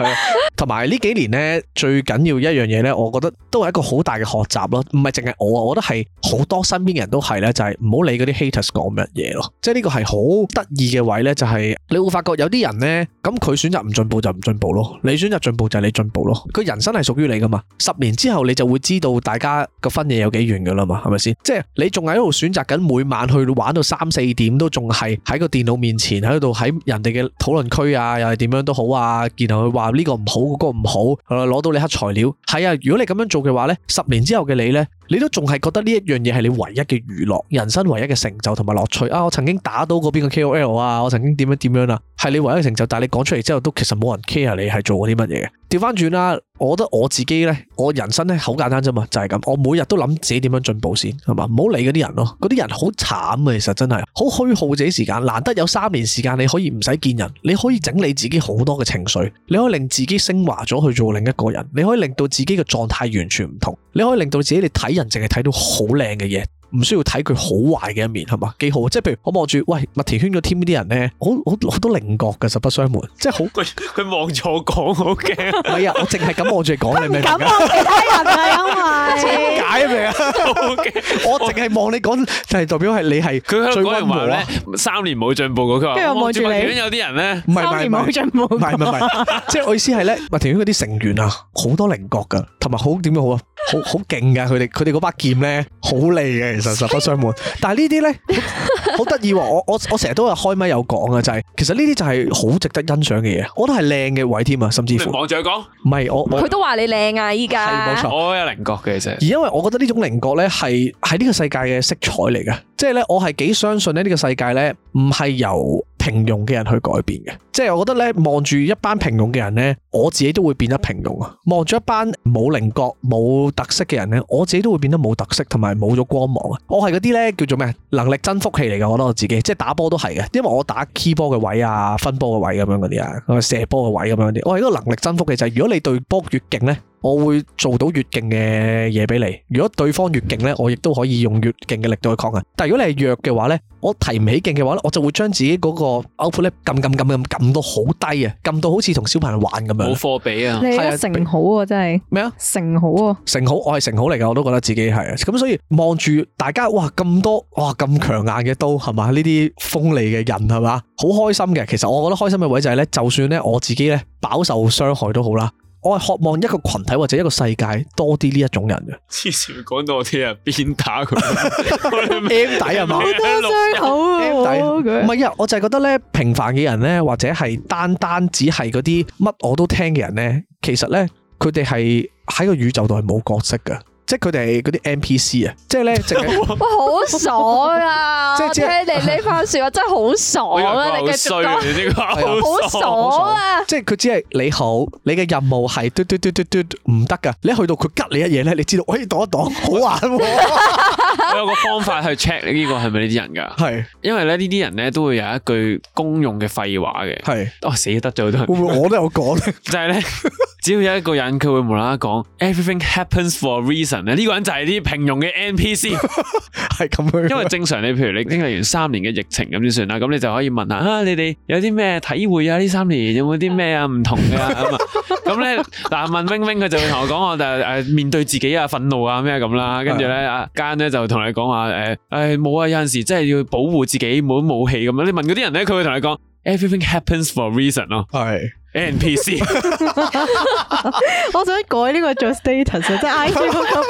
係，同埋呢幾年咧，最緊要一樣嘢咧，我覺得都係一個好大嘅學習咯，唔係淨係我啊，我覺得係好多身邊嘅人都係咧，就係唔好理嗰啲 haters 講乜嘢咯，即係呢個係好。得意嘅位呢，就係你會發覺有啲人呢，咁佢選擇唔進步就唔進步咯，你選擇進步就係你進步咯。佢人生係屬於你噶嘛？十年之後，你就會知道大家個分野有幾遠噶啦嘛？係咪先？即係你仲喺度選擇緊每晚去玩到三四點，都仲係喺個電腦面前喺度喺人哋嘅討論區啊，又係點樣都好啊，然後佢話呢個唔好，嗰個唔好，攞到你黑材料。係啊，如果你咁樣做嘅話呢，十年之後嘅你呢。你都仲係覺得呢一樣嘢係你唯一嘅娛樂、人生唯一嘅成就同埋樂趣啊！我曾經打到嗰邊嘅 KOL 啊，我曾經點樣點樣啊，係你唯一嘅成就，但係你講出嚟之後都其實冇人 care 你係做過啲乜嘢。調翻轉啦，我覺得我自己咧，我人生咧好簡單啫嘛，就係咁。我每日都諗自己點樣進步先，係嘛，唔好理嗰啲人咯。嗰啲人好慘啊，其實真係好虛耗自己時間。難得有三年時間，你可以唔使見人，你可以整理自己好多嘅情緒，你可以令自己升華咗去做另一個人，你可以令到自己嘅狀態完全唔同，你可以令到自己你睇人淨係睇到好靚嘅嘢。唔需要睇佢好壞嘅一面，係嘛？幾好，即係譬如我望住，喂麥田圈個 team 啲人咧，好好好多棱角噶，實不相瞞，即係好佢佢望住我講，好驚。唔 [laughs] 係啊，我淨係咁望住你講，你明唔明啊？唔敢望其他人啊，因為點解啊？我淨係望你講，就係代表係你係佢香港人三年冇進步嗰個。跟住我望住你，有啲人咧，三年冇進步，唔係唔係，即係我意思係咧，麥田圈嗰啲成員啊，好多棱角噶，同埋好點樣好啊？好好勁噶，佢哋佢哋嗰把劍咧好利嘅。實實不相瞞， [laughs] 但係呢啲咧好得意喎！我我我成日都有開咪有講啊，就係、是、其實呢啲就係好值得欣賞嘅嘢，我覺得係靚嘅位添啊，甚至乎望住佢講，唔係我佢都話你靚啊依家，係冇錯，我有稜、啊、角嘅啫。而因為我覺得呢種稜角咧，係喺呢個世界嘅色彩嚟嘅，即係咧我係幾相信咧呢個世界咧唔係由平庸嘅人去改變嘅，即係我覺得咧，望住一班平庸嘅人咧，我自己都會變得平庸啊！望住一班冇稜角、冇特色嘅人咧，我自己都會變得冇特色同埋冇咗光芒啊！我係嗰啲咧叫做咩？能力增幅器嚟嘅。我覺得我自己，即係打波都係嘅，因為我打 key 波嘅位啊，分波嘅位咁樣嗰啲啊，射波嘅位咁樣嗰啲，我係一個能力增幅器、就係，就係如果你對波越勁咧。我會做到越勁嘅嘢俾你。如果對方越勁呢，我亦都可以用越勁嘅力度去抗啊。但係如果你係弱嘅話呢，我提唔起勁嘅話呢，我就會將自己嗰個歐普力撳撳撳撳撳到好低啊，撳到好似同小朋友玩咁樣。冇貨比啊！你成好啊，真係咩啊？成好啊？成好，我係成好嚟㗎，我都覺得自己係啊。咁所以望住大家哇，咁多哇咁強硬嘅刀係嘛？呢啲鋒利嘅人係嘛？好開心嘅。其實我覺得開心嘅位就係、是、呢。就算呢，我自己呢，飽受傷害都好啦。我係渴望一個群體或者一個世界多啲呢一種人嘅。黐綫，講到我聽啊，邊打佢？M 底係嘛？好多六口，M 底唔係啊！我就係覺得咧，平凡嘅人咧，或者係單單只係嗰啲乜我都聽嘅人咧，其實咧，佢哋係喺個宇宙度係冇角色嘅。即係佢哋嗰啲 NPC 呢 [laughs] 啊， [laughs] 即係是咧，直係哇， [laughs] 你的 [laughs] 好爽啊！即係聽你呢番說話真係好爽啊！你嘅講好爽啊！即係佢只係你好，你嘅任務係嘟嘟嘟嘟嘟唔得㗎，你去到佢吉你一嘢咧，你知道可以擋一擋，好玩喎，啊。 [laughs] 我 [laughs] 有個方法去 check 呢啲個係咪呢啲人㗎？係是，因為咧呢啲人咧都會有一句公用嘅廢話嘅。係是，哦死得咗都人。 [laughs] 會唔會我都有講咧？ [laughs] 就係咧，只要有一個人佢會無啦啦講 everything happens for a reason 咧，呢、啊這個人就係啲平庸嘅 NPC 係咁樣。因為正常你譬如你經歷完三年嘅疫情咁就算啦，咁你就可以問下啊，你哋有啲咩體會啊？呢三年有冇啲咩啊唔同嘅啊咁啊？咧、 [laughs] [laughs] 啊，但係問冰 i 佢就會同我講，我就誒面對自己啊，憤怒啊咩咁啦。跟住咧，阿間咧就。 [laughs] [laughs] 同你講話誒誒冇啊，有陣時真係要保護自己冇武器咁樣。你問嗰啲人咧，佢會同你講 everything happens for a reason 咯。係 NPC，我想改呢個做 status，即係 IG 咁。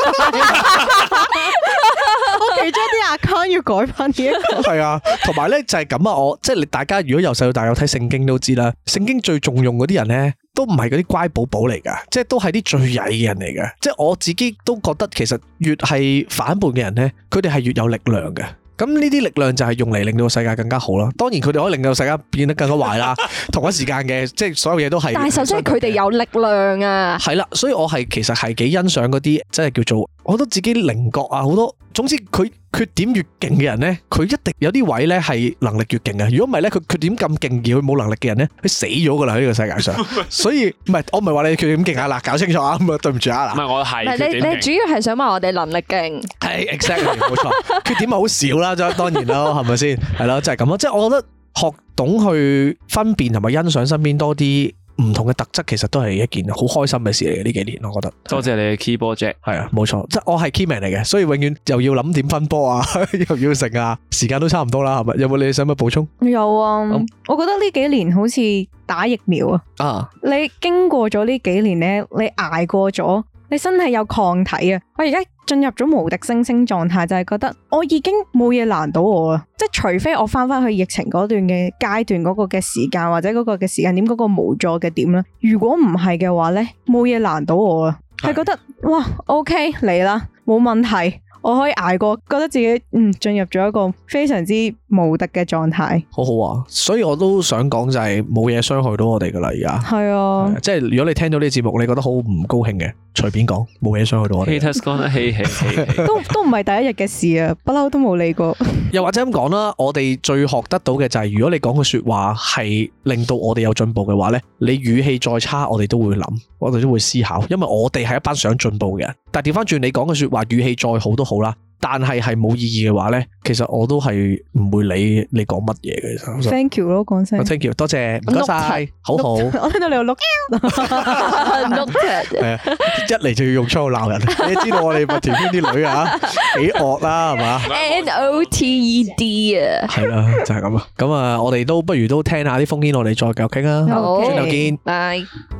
我哋將啲 account 要改翻呢一個。係啊，同埋咧就係咁啊，我即係你大家如果由細到大有睇聖經都知啦，聖經最重要嗰啲人咧。都唔係嗰啲乖寶寶嚟噶，即係都係啲最曳嘅人嚟噶。即係我自己都覺得，其實越係反叛嘅人咧，佢哋係越有力量嘅。咁呢啲力量就係用嚟令到世界更加好啦。當然佢哋可以令到世界變得更加壞啦。 [laughs] 同一時間嘅，即係所有嘢都係。但係首先佢哋有力量啊。係啦，所以我係其實係幾欣賞嗰啲，即係叫做好多自己稜角啊，好多總之佢。缺點越勁嘅人咧，佢一定有啲位咧係能力越勁嘅。如果唔係咧，佢缺點咁勁而佢冇能力嘅人咧，佢死咗㗎喇喺呢個世界上。所以唔係，我唔係話你缺點勁啊。嗱，搞清楚啊咁啊，對唔住啊。嗱，唔係我係。唔係你你主要係想話我哋能力勁係，exactly，冇錯，缺點咪好少啦，當然啦，係咪先？係咯，即係咁咯，即係我覺得學懂去分辨同埋欣賞身邊多啲。唔同嘅特質其實都係一件好開心嘅事嚟嘅，呢幾年，我覺得。多謝你 keyboard Jack。係啊，冇錯，啊，錯即係我係 key man 嚟嘅，所以永遠又要諗點分波啊， [laughs] 又要食啊，時間都差唔多啦，係咪？有冇你想乜補充？有啊，嗯、我覺得呢幾年好似打疫苗啊，啊，你經過咗呢幾年咧，你捱過咗。你身體有抗體啊！我而家進入咗無敵星星狀態，就係、是、覺得我已經冇嘢難到我啊！即係除非我返返去疫情嗰段嘅階段嗰個嘅時間或者嗰個嘅時間點嗰個無助嘅點咧，如果唔係嘅話呢，冇嘢難到我啊！係是的 覺得哇，OK 嚟啦，冇問題，我可以捱過，覺得自己嗯進入咗一個非常之無敵嘅狀態，好好啊！所以我都想講就係冇嘢傷害到我哋噶啦，而家係啊，即係如果你聽到呢個節目，你覺得好唔高興嘅。隨便講，冇嘢傷害到我哋。 [laughs] 都都唔係第一日嘅事啊，不嬲，都冇理過。 [laughs] 又或者咁講啦，我哋最學得到嘅就係，如果你講嘅說話係令到我哋有進步嘅話呢，你語氣再差我們，我哋都會諗，我哋都會思考，因為我哋係一班想進步嘅人。但係調翻轉，你講嘅說話語氣再好都好啦。但係係冇意義嘅話咧，其實我都係唔會理會你講乜嘢嘅。Thank you 咯，講聲。Thank you，多謝，唔該晒，好好。我 Noted，係啊，一嚟就要用粗口鬧人。 [laughs] 你知道我哋麥田圈啲女啊，幾惡啦，係嘛？Noted 啊，係啦，就係咁啊。咁啊，我哋都不如都聽下啲瘋癲，我哋再繼續傾啊。好，轉頭見，拜。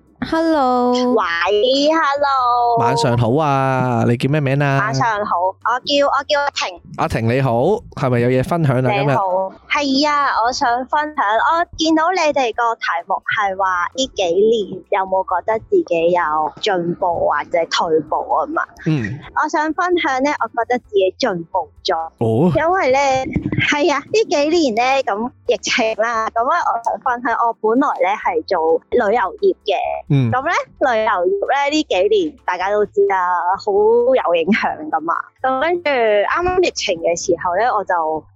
Hello，喂 Why ?，Hello，晚上好啊，你叫咩名啊？晚上好，我叫我叫阿婷。阿婷你好，係咪有嘢分享啊今日？你好，係啊，我想分享。我見到你哋個題目係話呢幾年有冇覺得自己有進步或者退步啊嘛？嗯，我想分享咧，我覺得自己進步咗。哦，因為咧係啊，呢幾年咧咁疫情啦，咁咧我分享，我本來咧係做旅遊業嘅。咁咧、嗯、旅遊業咧，呢幾年大家都知啦，好有影響噶嘛。咁跟住啱啱疫情嘅時候咧，我就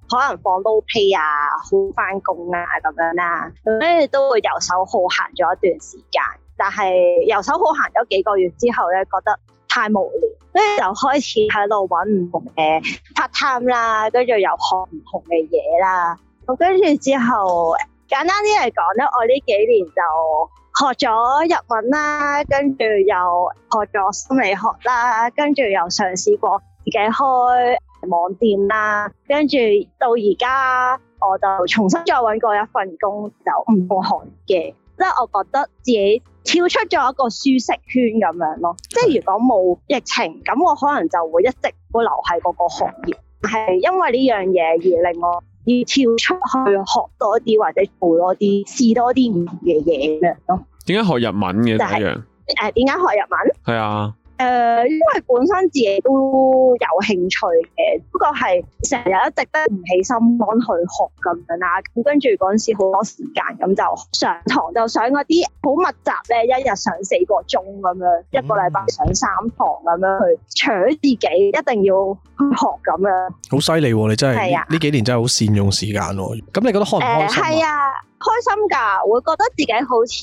可能放 low pay 啊，好翻工啊咁樣啦。咁跟住都會遊手好閒咗一段時間，但係遊手好閒咗幾個月之後咧，覺得太無聊，跟住就開始喺度揾唔同嘅 part time 啦，跟住又學唔同嘅嘢啦。咁跟住之後，簡單啲嚟講咧，我呢幾年就～學咗日文啦，跟住又學咗心理學啦，跟住又嘗試過自己開網店啦，跟住到而家我就重新再揾過一份工就唔同行嘅，即係我覺得自己跳出咗一個舒適圈咁樣咯。即係如果冇疫情，咁我可能就會一直都留喺嗰個行業。係因為呢樣嘢而令我要跳出去學多啲或者做多啲試多啲唔同嘅嘢咁樣咯。點解學日文嘅？誒，點解學日文？係啊。誒、呃，因為本身自己都有興趣嘅，不過係成日一直都唔起心肝去學咁樣啦。咁跟住嗰陣時好多時間，咁就上堂就上嗰啲好密集咧，一日上四個鐘咁樣，嗯、一個禮拜上三堂咁樣去搶自己一定要學咁樣。好犀利，你真係、啊、呢幾年真係好善用時間、啊。咁你覺得開唔開心啊？係、呃、啊。開心噶，會覺得自己好似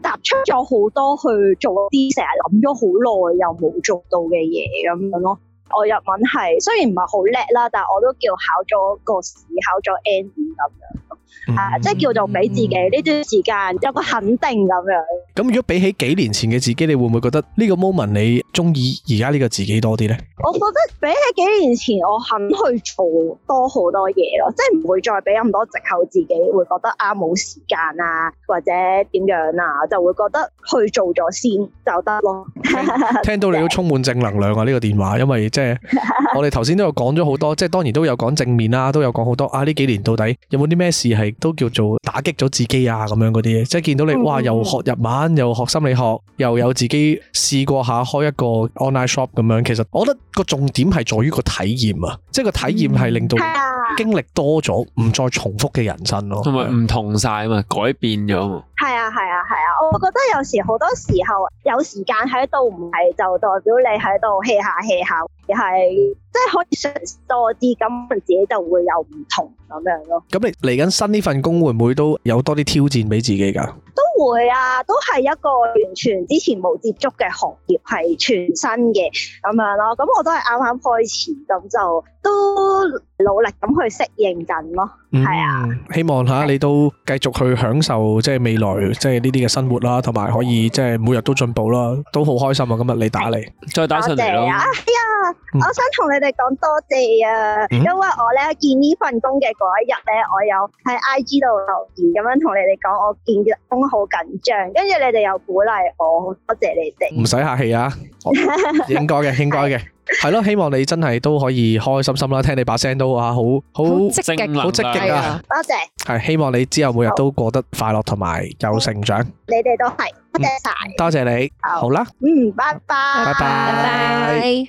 踏出咗好多去做啲成日諗咗好耐又冇做到嘅嘢咁樣咯。我日文係雖然唔係好叻啦，但係我都叫考咗個試，考咗 N 二咁樣，啊，嗯、啊即係叫做俾自己呢段時間有個肯定咁樣。咁如果比起幾年前嘅自己，你會唔會覺得呢個 moment 你中意而家呢個自己多啲咧？我覺得比起幾年前，我肯去做多好多嘢咯，即係唔會再俾咁多借口，自己會覺得啊冇時間啊，或者點樣啊，就會覺得去做咗先就得咯。 [laughs] 聽到你都充滿正能量啊！呢個電話，因為即係我哋頭先都有講咗好多，即係當然都有講正面啦，都有講好多啊呢幾年到底有冇啲咩事係都叫做打擊咗自己啊咁樣啲即係見到你、嗯、哇又學日文。又學心理學，又有自己試過下開一個 online shop 咁樣。其實我覺得個重點係在於個體驗啊，即係個體驗係令到經歷多咗，唔再重複嘅人生咯，嗯、同埋唔同晒啊嘛，改變咗啊。係啊係啊係啊，我覺得有時好多時候有時間喺度，唔係就代表你喺度 hea 下 hea 下，而係即係可以嘗試多啲，咁自己就會有唔同咁樣咯。咁你嚟緊新呢份工會唔會都有多啲挑戰俾自己噶？會啊，都係一個完全之前冇接觸嘅行業，係全新嘅咁樣咯。咁我都係啱啱開始，咁就。都努力咁去適應緊咯，係啊！希望吓你都繼續去享受即係未來即係呢啲嘅生活啦，同埋可以即係每日都進步啦，都好開心啊！今日你打嚟，再打上嚟咯。哎呀，我想同你哋講多謝啊，因為我咧見呢份工嘅嗰一日咧，我有喺 IG 度留言咁樣同你哋講，我見工好緊張，跟住你哋又鼓勵我，多謝你哋。唔使客氣啊，應該嘅，應該嘅。係咯，希望你真係都可以開開心心啦，聽你把聲都啊好好積極，好積極啊！多謝，係，希望你之後每日都過得快樂同埋有成長。你哋都係多謝晒，多謝你。好啦，嗯，拜拜拜拜拜拜。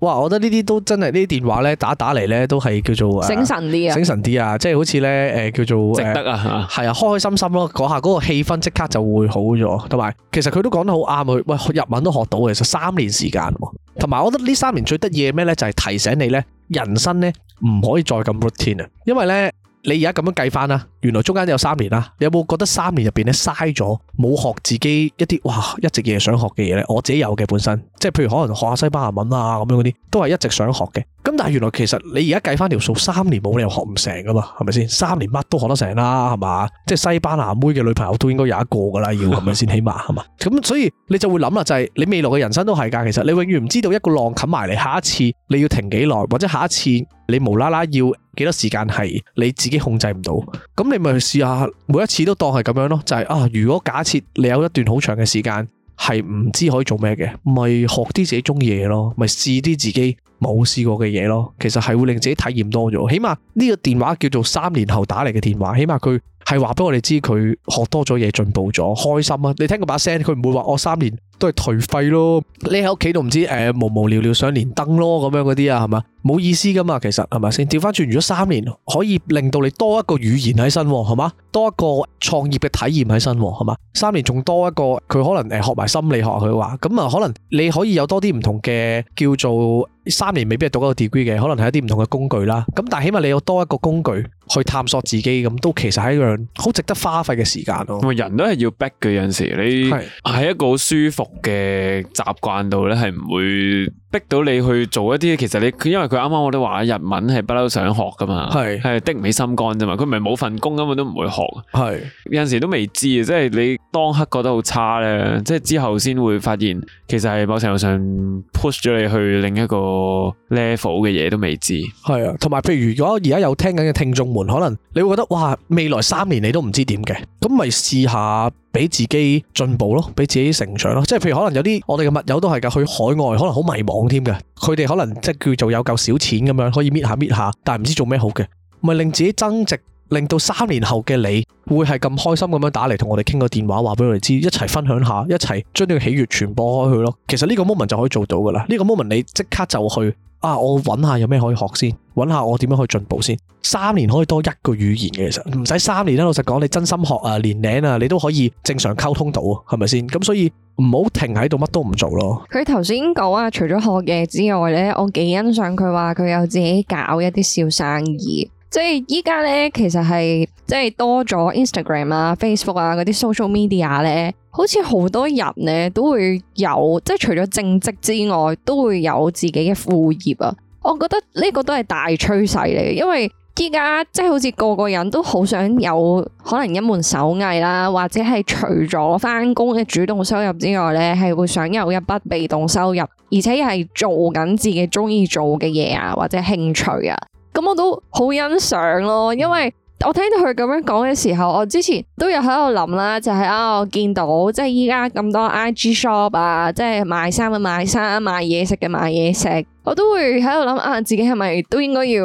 哇，我覺得呢啲都真係呢啲電話咧打，打嚟咧都係叫做啊醒神啲啊，醒神啲啊，即係好似咧誒叫做值得啊，係啊，開開心心咯，嗰下嗰個氣氛即刻就會好咗，同埋其實佢都講得好啱佢，喂，日文都學到，其實三年時間。同埋，我覺得呢三年最得意嘅咩咧，就係、是、提醒你咧，人生咧唔可以再咁 routine 啊，因為咧。你而家咁樣計翻啦，原來中間都有三年啦，你有冇覺得三年入邊咧嘥咗，冇學自己一啲哇一直嘢想學嘅嘢咧？我自己有嘅本身，即係譬如可能學下西班牙文啊咁樣嗰啲，都係一直想學嘅。咁但係原來其實你而家計翻條數，三年冇理由學唔成噶嘛，係咪先？三年乜都學得成啦，係嘛？即係西班牙妹嘅女朋友都應該有一個噶啦，要係咪先？起碼係嘛？咁 [laughs] 所以你就會諗啦，就係、是、你未來嘅人生都係噶。其實你永遠唔知道一個浪冚埋嚟，下一次你要停幾耐，或者下一次你無啦啦要,要。幾多時間係你自己控制唔到？咁你咪去試下每一次都當係咁樣咯，就係、是、啊！如果假設你有一段好長嘅時間係唔知可以做咩嘅，咪學啲自己中意嘢咯，咪試啲自己冇試過嘅嘢咯。其實係會令自己體驗多咗。起碼呢個電話叫做三年後打嚟嘅電話，起碼佢係話俾我哋知佢學多咗嘢，進步咗，開心啊！你聽個把聲，佢唔會話我三年都係頹廢咯。你喺屋企都唔知誒、呃，無無聊聊想連登咯咁樣嗰啲啊，係嘛？冇意思噶嘛，其實係咪先調翻轉？如果三年可以令到你多一個語言喺身，係嘛？多一個創業嘅體驗喺身，係嘛？三年仲多一個，佢可能誒學埋心理學，佢話咁啊，可能你可以有多啲唔同嘅，叫做三年未必係讀一個 degree 嘅，可能係一啲唔同嘅工具啦。咁但係起碼你有多一個工具去探索自己，咁都其實係一樣好值得花費嘅時間咯。咁啊，人都係要逼嘅，有陣時你喺一個好舒服嘅習慣度咧，係唔會。逼到你去做一啲，其實你因為佢啱啱我都話日文係不嬲想學噶嘛，係係是的唔起心肝啫嘛，佢唔係冇份工根本都唔會學，係是有陣時都未知啊，即係你當刻覺得好差咧，嗯、即係之後先會發現其實係某程度上 push 咗你去另一個 level 嘅嘢都未知，係啊，同埋譬如如果而家有聽緊嘅聽眾們，可能你會覺得哇，未來三年你都唔知點嘅，咁咪試下。俾自己進步咯，俾自己成長咯，即係譬如可能有啲我哋嘅密友都係噶，去海外可能好迷茫添嘅，佢哋可能即係叫做有嚿小錢咁樣可以搣下搣下，但係唔知做咩好嘅，咪令自己增值，令到三年後嘅你會係咁開心咁樣打嚟同我哋傾個電話，話俾我哋知，一齊分享下，一齊將呢個喜悅傳播開去咯。其實呢個 moment 就可以做到噶啦，呢個 moment 你即刻就去。啊！我揾下有咩可以學先，揾下我點樣去進步先。三年可以多一個語言嘅，其實唔使三年啦。老實講，你真心學啊，年齡啊，你都可以正常溝通到啊，係咪先？咁所以唔好停喺度，乜都唔做咯。佢頭先講啊，除咗學嘢之外咧，我幾欣賞佢話佢有自己搞一啲小生意。即係依家咧，其實係即係多咗 Instagram 啊、Facebook 啊嗰啲 social media 咧，好似好多人咧都會有，即係除咗正職之外，都會有自己嘅副業啊。我覺得呢個都係大趨勢嚟嘅，因為依家即係好似個個人都好想有可能一門手藝啦，或者係除咗翻工嘅主動收入之外咧，係會想有一筆被動收入，而且係做緊自己中意做嘅嘢啊，或者興趣啊。咁我都好欣賞咯，因為我聽到佢咁樣講嘅時候，我之前都有喺度諗啦，就係啊，我見到即係依家咁多 IG shop 啊，即係賣衫嘅賣衫，賣嘢食嘅賣嘢食，我都會喺度諗啊，自己係咪都應該要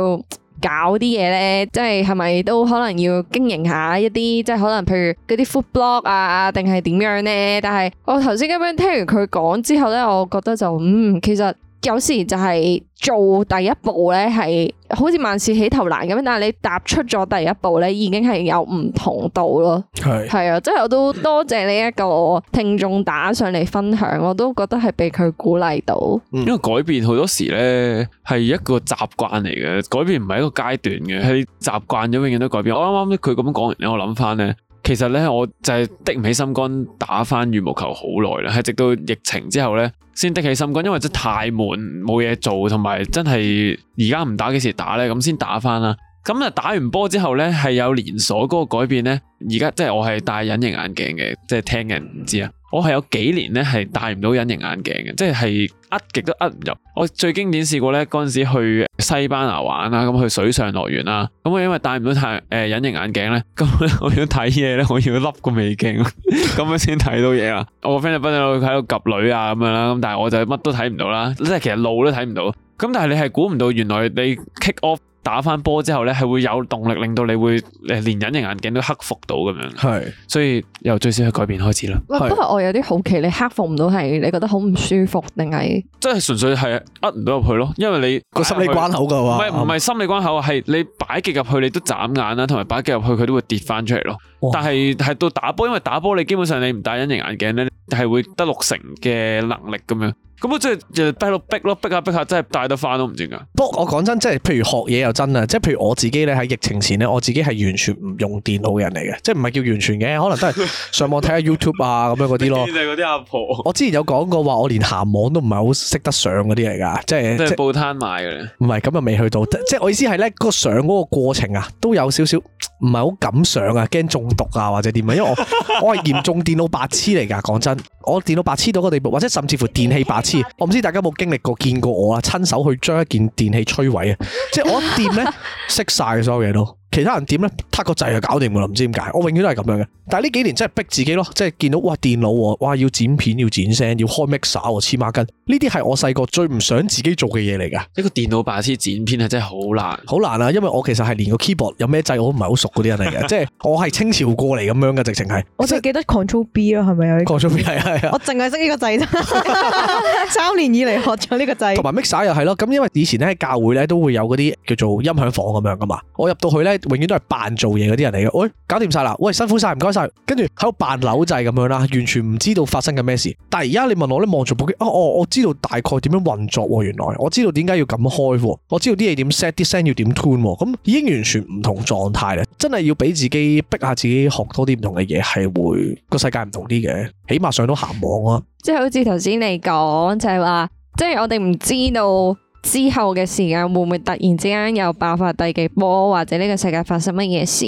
搞啲嘢咧？即係係咪都可能要經營下一啲，即係可能譬如嗰啲 food blog 啊，定係點樣咧？但係我頭先咁樣聽完佢講之後咧，我覺得就嗯，其實。有時就係做第一步咧，係好似萬事起頭難咁樣，但係你踏出咗第一步咧，已經係有唔同度咯。係係啊，即係我都多謝呢一個聽眾打上嚟分享，我都覺得係畀佢鼓勵到。嗯、因為改變好多時咧，係一個習慣嚟嘅，改變唔係一個階段嘅，係習慣咗永遠都改變。我啱啱佢咁講完咧，我諗翻咧。其實呢，我就係滴唔起心肝打返羽毛球好耐啦，直到疫情之後呢，先滴起心肝，因為真係太悶，冇嘢做，同埋真係而家唔打，幾時打呢？咁先打返啦。咁打完波之後呢，係有連鎖嗰個改變呢。而家即係我係戴隱形眼鏡嘅，即係聽人唔知啊。我係有幾年係戴唔到隱形眼鏡嘅，即係係厄極都厄唔入。我最經典試過咧，嗰時去西班牙玩啦，咁去水上樂園啦，咁我因為戴唔到太誒、呃、隱形眼鏡咧，咁我要睇嘢咧，我要笠個墨鏡，咁 [laughs] 樣先睇到嘢啦。 [laughs] 我 friend 就喺度 𥄫 女啊咁樣啦，咁但係我就乜都睇唔到啦，即係其實路都睇唔到。咁但係你係估唔到，原來你 kick off。打翻波之後呢，係會有動力，令到你會誒連隱形眼鏡都克服到咁樣。係，所以由最先去改變開始啦。不過我有啲好奇，你克服唔到係你覺得好唔舒服定係？即係純粹係呃唔到入去咯，因為你個心理關口噶喎。唔係唔係心理關口啊，係、嗯、你擺極入去你都眨眼啦，同埋擺極入去佢都會跌翻出嚟咯。哦、但係係到打波，因為打波你基本上你唔戴隱形眼鏡呢，係會得六成嘅能力咁樣。咁啊，即係就低落逼咯，逼下逼下，真係帶得翻都唔知噶。不過我講真，即係譬如學嘢又真啊，即係譬如我自己咧喺疫情前咧，我自己係完全唔用電腦嘅人嚟嘅，即係唔係叫完全嘅，可能都係上網睇下 YouTube 啊咁樣嗰啲咯。啲 [laughs] 阿婆。我之前有講過話，我連行網都唔係好識得上嗰啲嚟噶，即係。即係報攤買嘅。唔係，咁又未去到，即係我意思係咧，嗰上嗰個過程啊，都有少少。唔係好敢想啊，驚中毒啊或者點啊，因為我我係嚴重電腦白痴嚟㗎，講真，我電腦白痴到個地步，或者甚至乎電器白痴，我唔知大家有冇經歷過見過我啊，親手去將一件電器摧毀啊，即係我一掂咧熄晒，所有嘢都。 [laughs] 其他人點咧？撻個掣就搞掂噶啦，唔知點解。我永遠都係咁樣嘅。但係呢幾年真係逼自己咯，即係見到哇電腦喎，哇要剪片要剪聲要開 mixer 喎，黐孖筋。呢啲係我細個最唔想自己做嘅嘢嚟㗎。一個電腦白痴剪片係真係好難，好難啊！因為我其實係連個 keyboard 有咩掣我都唔係好熟嗰啲人嚟嘅， [laughs] 即係我係清朝過嚟咁樣嘅，直情係。 [laughs] 實我凈係記得 control B 咯，係咪 control B 係係、啊。我凈係識呢個掣。啫。 [laughs] [laughs] 三年以嚟學咗呢個掣，同埋 mixer 又係咯，咁因為以前咧喺教會咧都會有嗰啲叫做音響房咁樣㗎嘛，我入到去咧。永遠都係扮做嘢嗰啲人嚟嘅，喂、哎，搞掂晒啦，喂，辛苦晒，唔該晒，跟住喺度扮扭掣咁樣啦，完全唔知道發生緊咩事。但係而家你問我咧，你望住部機，哦，我知道大概點樣運作，啊，原來我知道點解要咁開，我知道啲嘢點 set，啲聲要點 turn，咁已經完全唔同狀態啦。真係要俾自己逼下自己，學多啲唔同嘅嘢，係會個世界唔同啲嘅，起碼上到咸網啊。即係好似頭先你講，就係、是、話，即係我哋唔知道。之後嘅時間會唔會突然之間又爆發第幾波，或者呢個世界發生乜嘢事？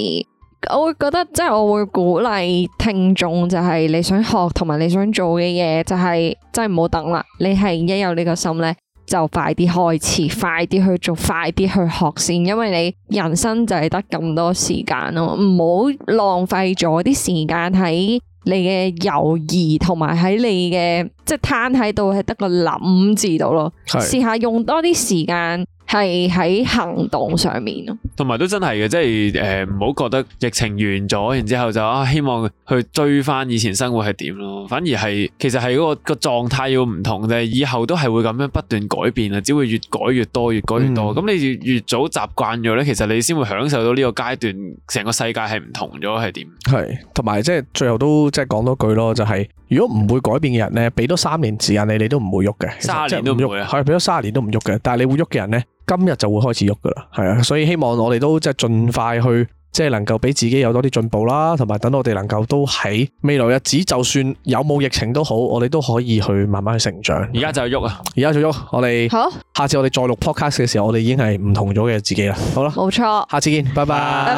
我會覺得即係、就是、我會鼓勵聽眾，就係你想學同埋你想做嘅嘢，就是，就係真係唔好等啦。你係一有呢個心呢，就快啲開始，快啲去做，快啲去學先，因為你人生就係得咁多時間咯，唔好浪費咗啲時間喺。你嘅猶豫同埋喺你嘅即係攤喺度，係得個諗字度囉。試下是用多啲時間。係喺行動上面咯同埋都真係嘅，即係誒，唔、呃、好覺得疫情完咗，然後之後就啊，希望去追翻以前生活係點咯反而係，其實係嗰、那個個狀態要唔同嘅，以後都係會咁樣不斷改變啊，只會越改越多，越改越多。咁、嗯、你越越早習慣咗咧，其實你先會享受到呢個階段，成個世界係唔同咗係點？係，同埋即係最後都即係講多句咯就係、是。如果唔會改變嘅人呢，俾多三年時間你，你都唔會喐嘅，三年都唔喐嘅，係俾咗卅年都唔喐嘅。但係你會喐嘅人呢，今日就會開始喐噶啦，係啊。所以希望我哋都即係盡快去，即係能夠俾自己有多啲進步啦，同埋等我哋能夠都喺未來日子，就算有冇疫情都好，我哋都可以去慢慢去成長。而家就喐啊，而家就喐，我哋好。下次我哋再錄 podcast 嘅時候，我哋已經係唔同咗嘅自己啦。好啦，冇錯，下次見，拜拜，拜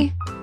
拜。